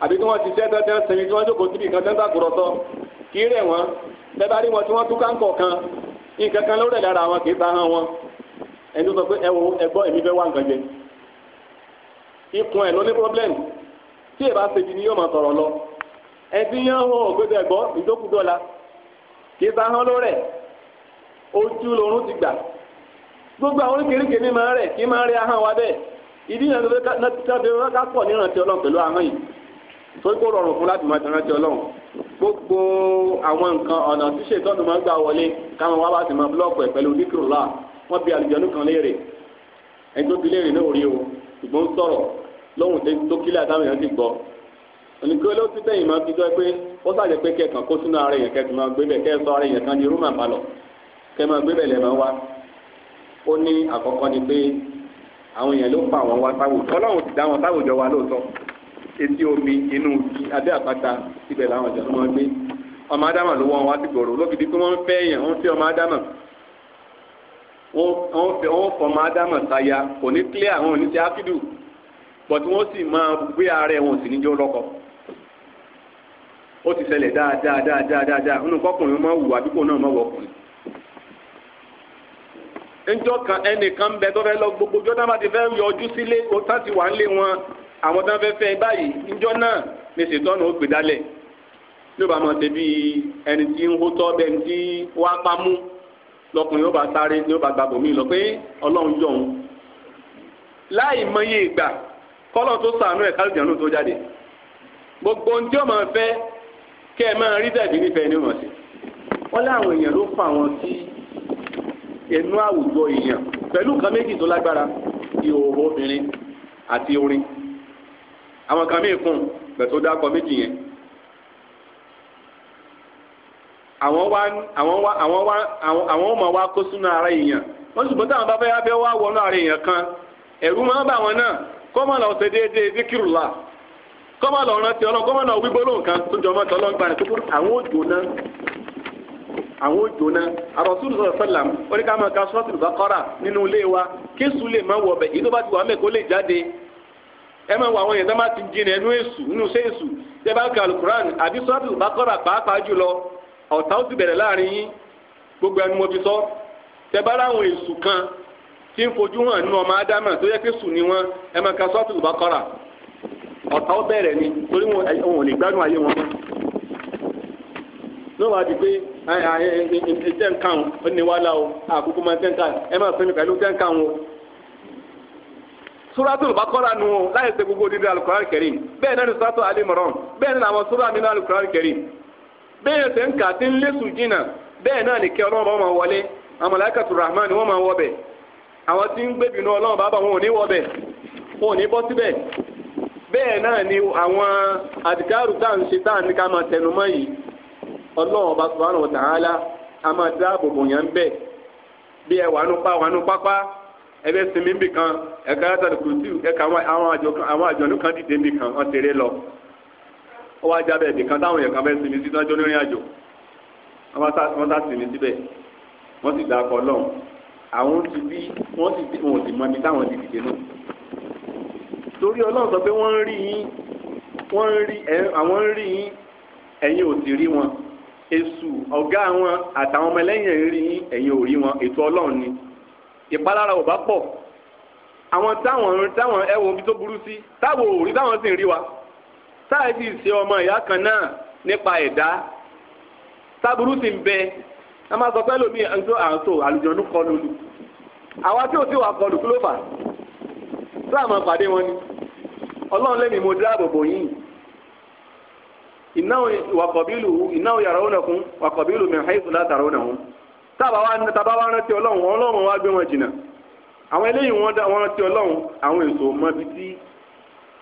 àbí tí wọ́n ti ṣẹ́ tẹ́tẹ́ sinmi tí wọ́n jókòó síbi kan tẹ́ ń tàkùrọ̀sọ kí rẹ̀ wọ́n ẹ wọn tí wọ́n tú káńkọ̀ kan nǹkan kan ló rẹ̀ lára wọn kì í ta hàn wọn ẹni sọ pé ẹ wo ẹgbọ́ ẹ̀mí fẹ́ wá nǹkan jẹ ikùn ẹ̀ ló ní pọ́blẹ́mù tí èbá ṣèjì ni yóò máa sọ̀rọ̀ lọ ẹtí yẹn hàn ògbégbè gbọ́ ìdókùdọ́la kì í sa hán lórẹ̀ ojú lorun ti gbà gbogbo àwọn oríkèéríkèé mi máa rẹ̀ kì í máa rẹ̀ ahọ́n wa bẹ́ẹ̀ ìdí yẹn lọ́dẹ ká pọ̀ nírántí ọlọ́run pẹ̀lú ahọ́n yìí torí kó rọrùn fún láti máa rántí ọlọ́run gbogbo àwọn nǹkan ọ̀nà tí ṣètọ́nù máa ń gbà wọlé káwọn wá bá sì máa búlọ́ọ̀kù ẹ̀ pẹ̀lú díkìrùlá wọ́n bi àlùjọ́nù kan léèrè ẹni tó bi léèrè náà rí o ṣùgbọ́n sọ̀rọ̀ lóhùn tó kílẹ̀ àtàwọn èèyàn ti gbọ́ oníkó ló ti tẹ̀yìn máa fi sọ pé ó sàjẹ́ pé kẹ̀kàn kó sínú ara èèyàn kẹ̀kàn máa gbé bẹ̀ kẹ́ sọ ara èèyàn kan di rúmà balọ̀ kẹ́ máa gbé bẹ̀ lẹ̀ máa wá ó ní àkọ́kọ́ ni pé àwọn èèyàn ló fa àwọn wa táwùjọ ọlọ́run ti dá wọn táwùjọ wa lóòótọ́ etí omi inú ti abẹ́ àpáta ibẹ̀ làwọn ìjọ máa gbé ọmọ ádámà ló wọ́n wá sí gbòòrò lóbi di pé wọ́n ń fẹ́ èèyàn wọ́n ń ọmọ ádámà wọ́n fọmọ ádámà táyà kò ní clear àwọn ò ní bọ̀tí wọ́n sì máa gbé ara ẹ̀ wọn sì níjọ́ lọ́kọ. ó ti ṣẹlẹ̀ dáadáa dáadáa dáadáa nínú kọkùnrin máa wù àdúgbò náà máa wọ ọkùnrin. ńjọ́ kan ẹnìkan bẹ tó fẹ́ lọ gbogbo ọjọ́ náà bá ti fẹ́ yọjú sílé tá ti wà ń lé wọn àwọn tó fẹ́ fẹ́ báyìí ńjọ́ náà ni ṣètọ́nù ó gbé dálẹ̀ yóò bá máa ṣe bí ẹni tí ń hó tọ́ bẹ́ẹ̀ tí wá pamú lọkùnrin yóò bá sáré yóò bá gbàgbọ́ mi lọ pé ọlọ́run yọ̀ òun láì mọye ìgbà kọ́lọ̀ tó sànú ẹ̀ kálíjà náà tó jáde gbogbo ohun tí ó máa fẹ́ kẹ́ ẹ máa rí dẹ̀bí nífẹ̀ẹ́ ni wọ́n sí. wọ́n láwọn èèyàn ló fa àwọn sí ẹnu àwùjọ èèyàn pẹ̀lú nǹkan méjì tó lágbára ìhòòhò obìnrin àti orin àwọn kan míì fún un bẹ̀ tó dákọ méjì yẹn. àwọn wá ọmọ wa kó sínú ara èèyàn wọ́n ṣùgbọ́n táwọn bá fẹ́ wá wọnú ara èèyàn kan ẹ̀rú máa ń bà wọn náà kọ́mọ̀ lọ ṣe déédéé zikirula kọ́mọ̀ lọ rántí ọlọ́run kọ́mọ̀ lọ wí gbólóhùn kan tó jọmọ́ tọ́ lọ́gbà rẹ̀ kúkúrú àwọn òjò náà àwọn òjò náà àròsùn sọ̀rọ̀ sẹ́làm ó ní ká máa ka sọ́ọ̀tì bàkọ́rà nínú ilé wa kéṣù lè má wọ ọbẹ̀ yìí tó bá ti wà mẹ́kọ́ lè jáde ẹ máa wọ àwọn yẹn tó bá ti jìnnà ẹnu èṣù nínú iṣẹ́ èṣù tẹ bá ka alukuran àbí sọ́ọ̀tì bàkọ́rà pàápàá jùlọ ọ̀tá ó ti bẹ̀rẹ̀ láàrin yín gbogbo ẹnu mo fi sọ tẹ bá láwọn èṣù kan tí ń fojú hàn nínú ọmọ ádámà tó yẹ sùn ni wọn ẹ máa ka sọ́ọ̀tù bàkọ́rà ọ̀tá ó bẹ̀rẹ̀ ni torí wọn ò lè gbádùn ayé wọn wàá di pé nǹkan ó ní wàhálà o àkókò máa nǹkan ẹ máa fẹ́mi pẹ̀lú nǹkan o. nu o ṣe gbogbo dídí bẹ́ẹ̀ náà ni bẹ́ẹ̀ náà bẹ́ẹ̀ ṣe ń kà ń lé sùn jìnnà bẹ́ẹ̀ náà ni kẹ́ ọlọ́run bá wọn wọlé àwọn tí ń gbébìnú ọlọ́run bàbá wọn ò ní wọbẹ̀ wọn ò ní bọ́ síbẹ̀ bẹ́ẹ̀ náà ni àwọn àdìkárù tá à ń ṣe tá à ní ká máa tẹnu mọ́ yìí ọlọ́run ọba subhanahu wa a máa dáàbò bò yẹn ń ẹ wà pa wà pápá ẹ bẹ sinmi ń bì kan ẹ ká kùtù ẹ ká àwọn lọ ọ wá jábẹ̀ kan táwọn yẹn kan sinmi sí àjò wọ́n sá sinmi síbẹ̀ àwọn ti bí wọ́n sì bí wọn ò sì mọ ibi táwọn ti dìde náà torí ọlọ́run sọ pé wọ́n ń rí yín wọ́n ń rí àwọn ń rí yín ẹ̀yin ò sì rí wọn èṣù ọ̀gá wọn àtàwọn ọmọ ẹlẹ́yìn ń rí yín ẹ̀yin ò rí wọn ètò ọlọ́run ni ìpalára ò bá pọ̀ àwọn táwọn táwọn ẹwọ omi tó burú sí táwọn ò rí táwọn sì ń rí wa táà sì ṣe ọmọ ìyá kan náà nípa ẹ̀dá táburú sì ń bẹ a máa sọ pé lómi ẹjọ àǹtò àlùjọ̀nú kọlù lù àwa tí ò sí wà kọlù kí fà tó àmọ́ pàdé wọn ni ọlọ́run lẹ́mìí mo dáàbò bò yín ìnáwó wàkọ̀bílù ìnáwó yàrá òun nàkún wàkọ̀bílù min haythu la tarawnahum tábà wá rántí ọlọ́run ọlọ́run wá gbé wọn jìnnà àwọn eléyìí wọn rántí ọlọ́run àwọn èso mọbi tí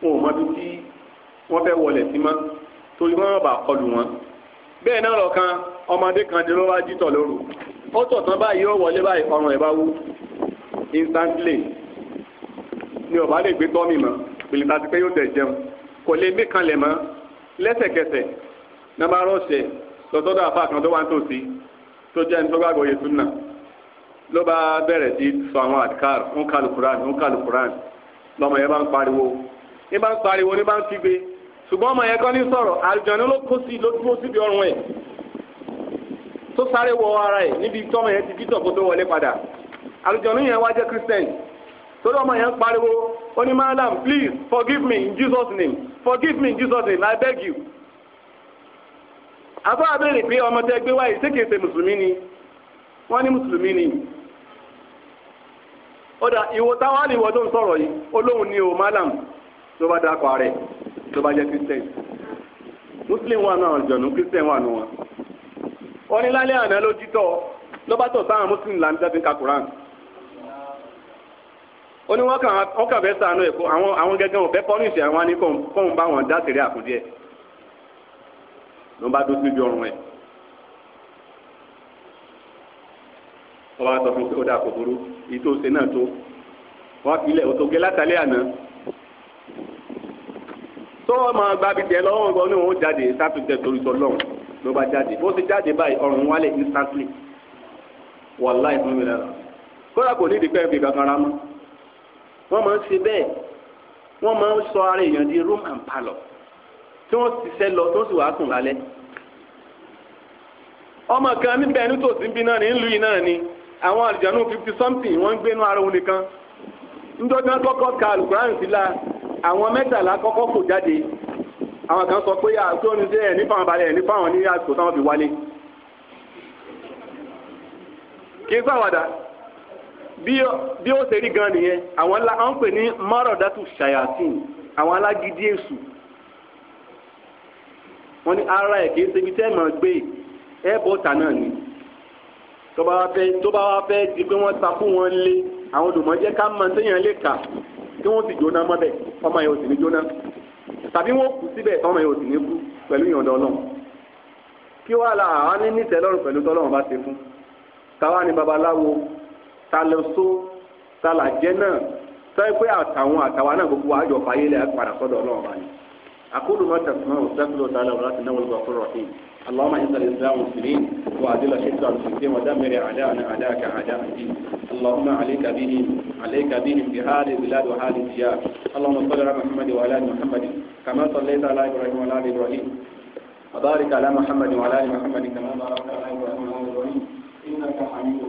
wọn ò mọbi tí wọn fẹ́ wọlé sí mọ́ torí wọn bá kọlù wọn bẹ́ẹ̀ náà lọ́kàn ọmọdé kan dé ló wá jítọ̀ lóru ó tọ̀ tán báyìí ó wọlé báyìí ọrùn ẹ̀ bá wú instantly ni ọba lè gbé tọ́mì mọ́ pèlítà ti pé yóò tẹ̀ jẹun kò lè gbé kanlẹ̀ mọ́ lẹ́sẹ̀kẹsẹ̀ nàbà rọ̀ṣẹ̀ lọ́sọ́dọ̀ àfa kan tó wá ń tòsí tó jẹ́ ní tó gbàgbọ́ yẹtù náà ló bá bẹ̀rẹ̀ sí sọ àwọn àdìkàr ń kàlù kuran ń kàlù kuran lọ́mọ yẹn bá ń pariwo ní bá ń pariwo ní bá ń kígbe ṣùgbọ́n ọmọ yẹn kọ́ ní sọ̀rọ̀ àlùjànnú ló kó sí ló síbi ọrùn ẹ̀ tó sáré wọ ara ẹ̀ níbi tọ́mọ yẹn ti bítọ̀ kó tó wọlé padà àlùjọ̀nú yẹn wá jẹ́ christian torí ọmọ yẹn pariwo ó ní madam please forgive me in Jesus name forgive me in Jesus name I beg you. àbá abéèrè pé ọmọ tẹ gbé wáyé ṣé kìí ṣe mùsùlùmí ni wọ́n ní mùsùlùmí ni ó dà ìwọ táwa ni ìwọ tó ń sọ̀rọ̀ yìí olóhùn ni o madam ló bá dákọ̀ rẹ̀ ló bá jẹ́ kristian muslim wà náà àlùjọ̀nú christian wà náà ó ní lálẹ́ àná ló jítọ̀ ló bá tọ̀ sáwọn muslim là ń jáde ka quran ó ní wọ́n kàn fẹ́ sànú ẹ̀kọ́ àwọn àwọn gẹ́gẹ́ wọn fẹ́ pọ́nìṣì àwọn á ní kóun bá wọn dá sèré àkùdí ẹ̀ ló bá dó síbi ọrùn ẹ̀ wọ́n bá sọ fún pé ó dà kò burú ìtò ṣe náà tó wọ́n fi ilẹ̀ òtòkè látàlẹ́ àná tó máa gba abidjan lọ́wọ́ gbọ́ ní òun jáde sátúndẹ̀ torí tọ́ ló bá jáde bó ti jáde báyìí ọrùn wálẹ̀ instantly wàláì fún mi lára kódà kò nídìí pé ẹ fi kankan ra mọ́ wọ́n máa ń ṣe bẹ́ẹ̀ wọ́n máa ń sọ ara èèyàn di room and parlour tí wọ́n ti sẹ́ lọ tí wọ́n sì wàá sùn lálẹ́ ọmọ kan níbẹ̀ nítòsí bí náà ní ìlú yìí náà ni àwọn àlùjánu fifty something wọ́n ń gbénú ara òun nìkan nítorí wọn kọ́kọ́ ka alukuran sí la àwọn mẹ́tàlá kọ́kọ́ kò jáde àwọn kan sọ pé àtúntò ah, ní sí ẹ̀ nípa àwọn balẹ̀ nípa àwọn ní àsìkò táwọn fi wálé kì í ṣàwàdà bí ó ṣe rí gan nìyẹn àwọn ńlá ń pè ní márọ̀dátù ṣàyàtìn àwọn alágídí èṣù wọ́n ní ara ẹ̀ kìí ṣebi tẹ́ mọ̀ gbé ẹ́bọ̀tà náà ni tó bá wá fẹ́ tó bá wá fẹ́ di pé wọ́n ta fún wọn lé àwọn olùmọ̀jẹ́ ká mọ̀ séèyàn lè kà kí wọ́n sì jóná mọ́bẹ̀ ọmọ yẹn ò sì ní jóná tàbí wọ́n kú síbẹ̀ tọ́mọ yóò sì ní kú pẹ̀lú ìyọ̀ǹda ọlọ́run kí wàá la àwa ní nítẹ̀lọ́rùn pẹ̀lú tọ́lọ́run bá ṣe fún táwa ni babaláwo ta lọ só ta là jẹ́ náà sọ pé àtàwọn àtàwa náà gbogbo àjọ fàyè lẹ́yìn padà sọ́dọ̀ ọlọ́run bá ní. àkólùmọ́tà sùnmọ́ òṣèlú ọ̀tá lọ́wọ́ láti náwó lọ́wọ́ fún rọ̀hìn. اللهم انت الاسلام والمسلمين واذل الشرك والمشركين ودمر اعداءنا اعداءك اعداء الدين اللهم عليك بهم عليك بهم بهذه البلاد وهذه الديار اللهم صل على محمد وعلى محمد كما صليت على ابراهيم وعلى ال ابراهيم وبارك على محمد وعلى محمد كما باركت على ابراهيم وعلى ال ابراهيم انك حميد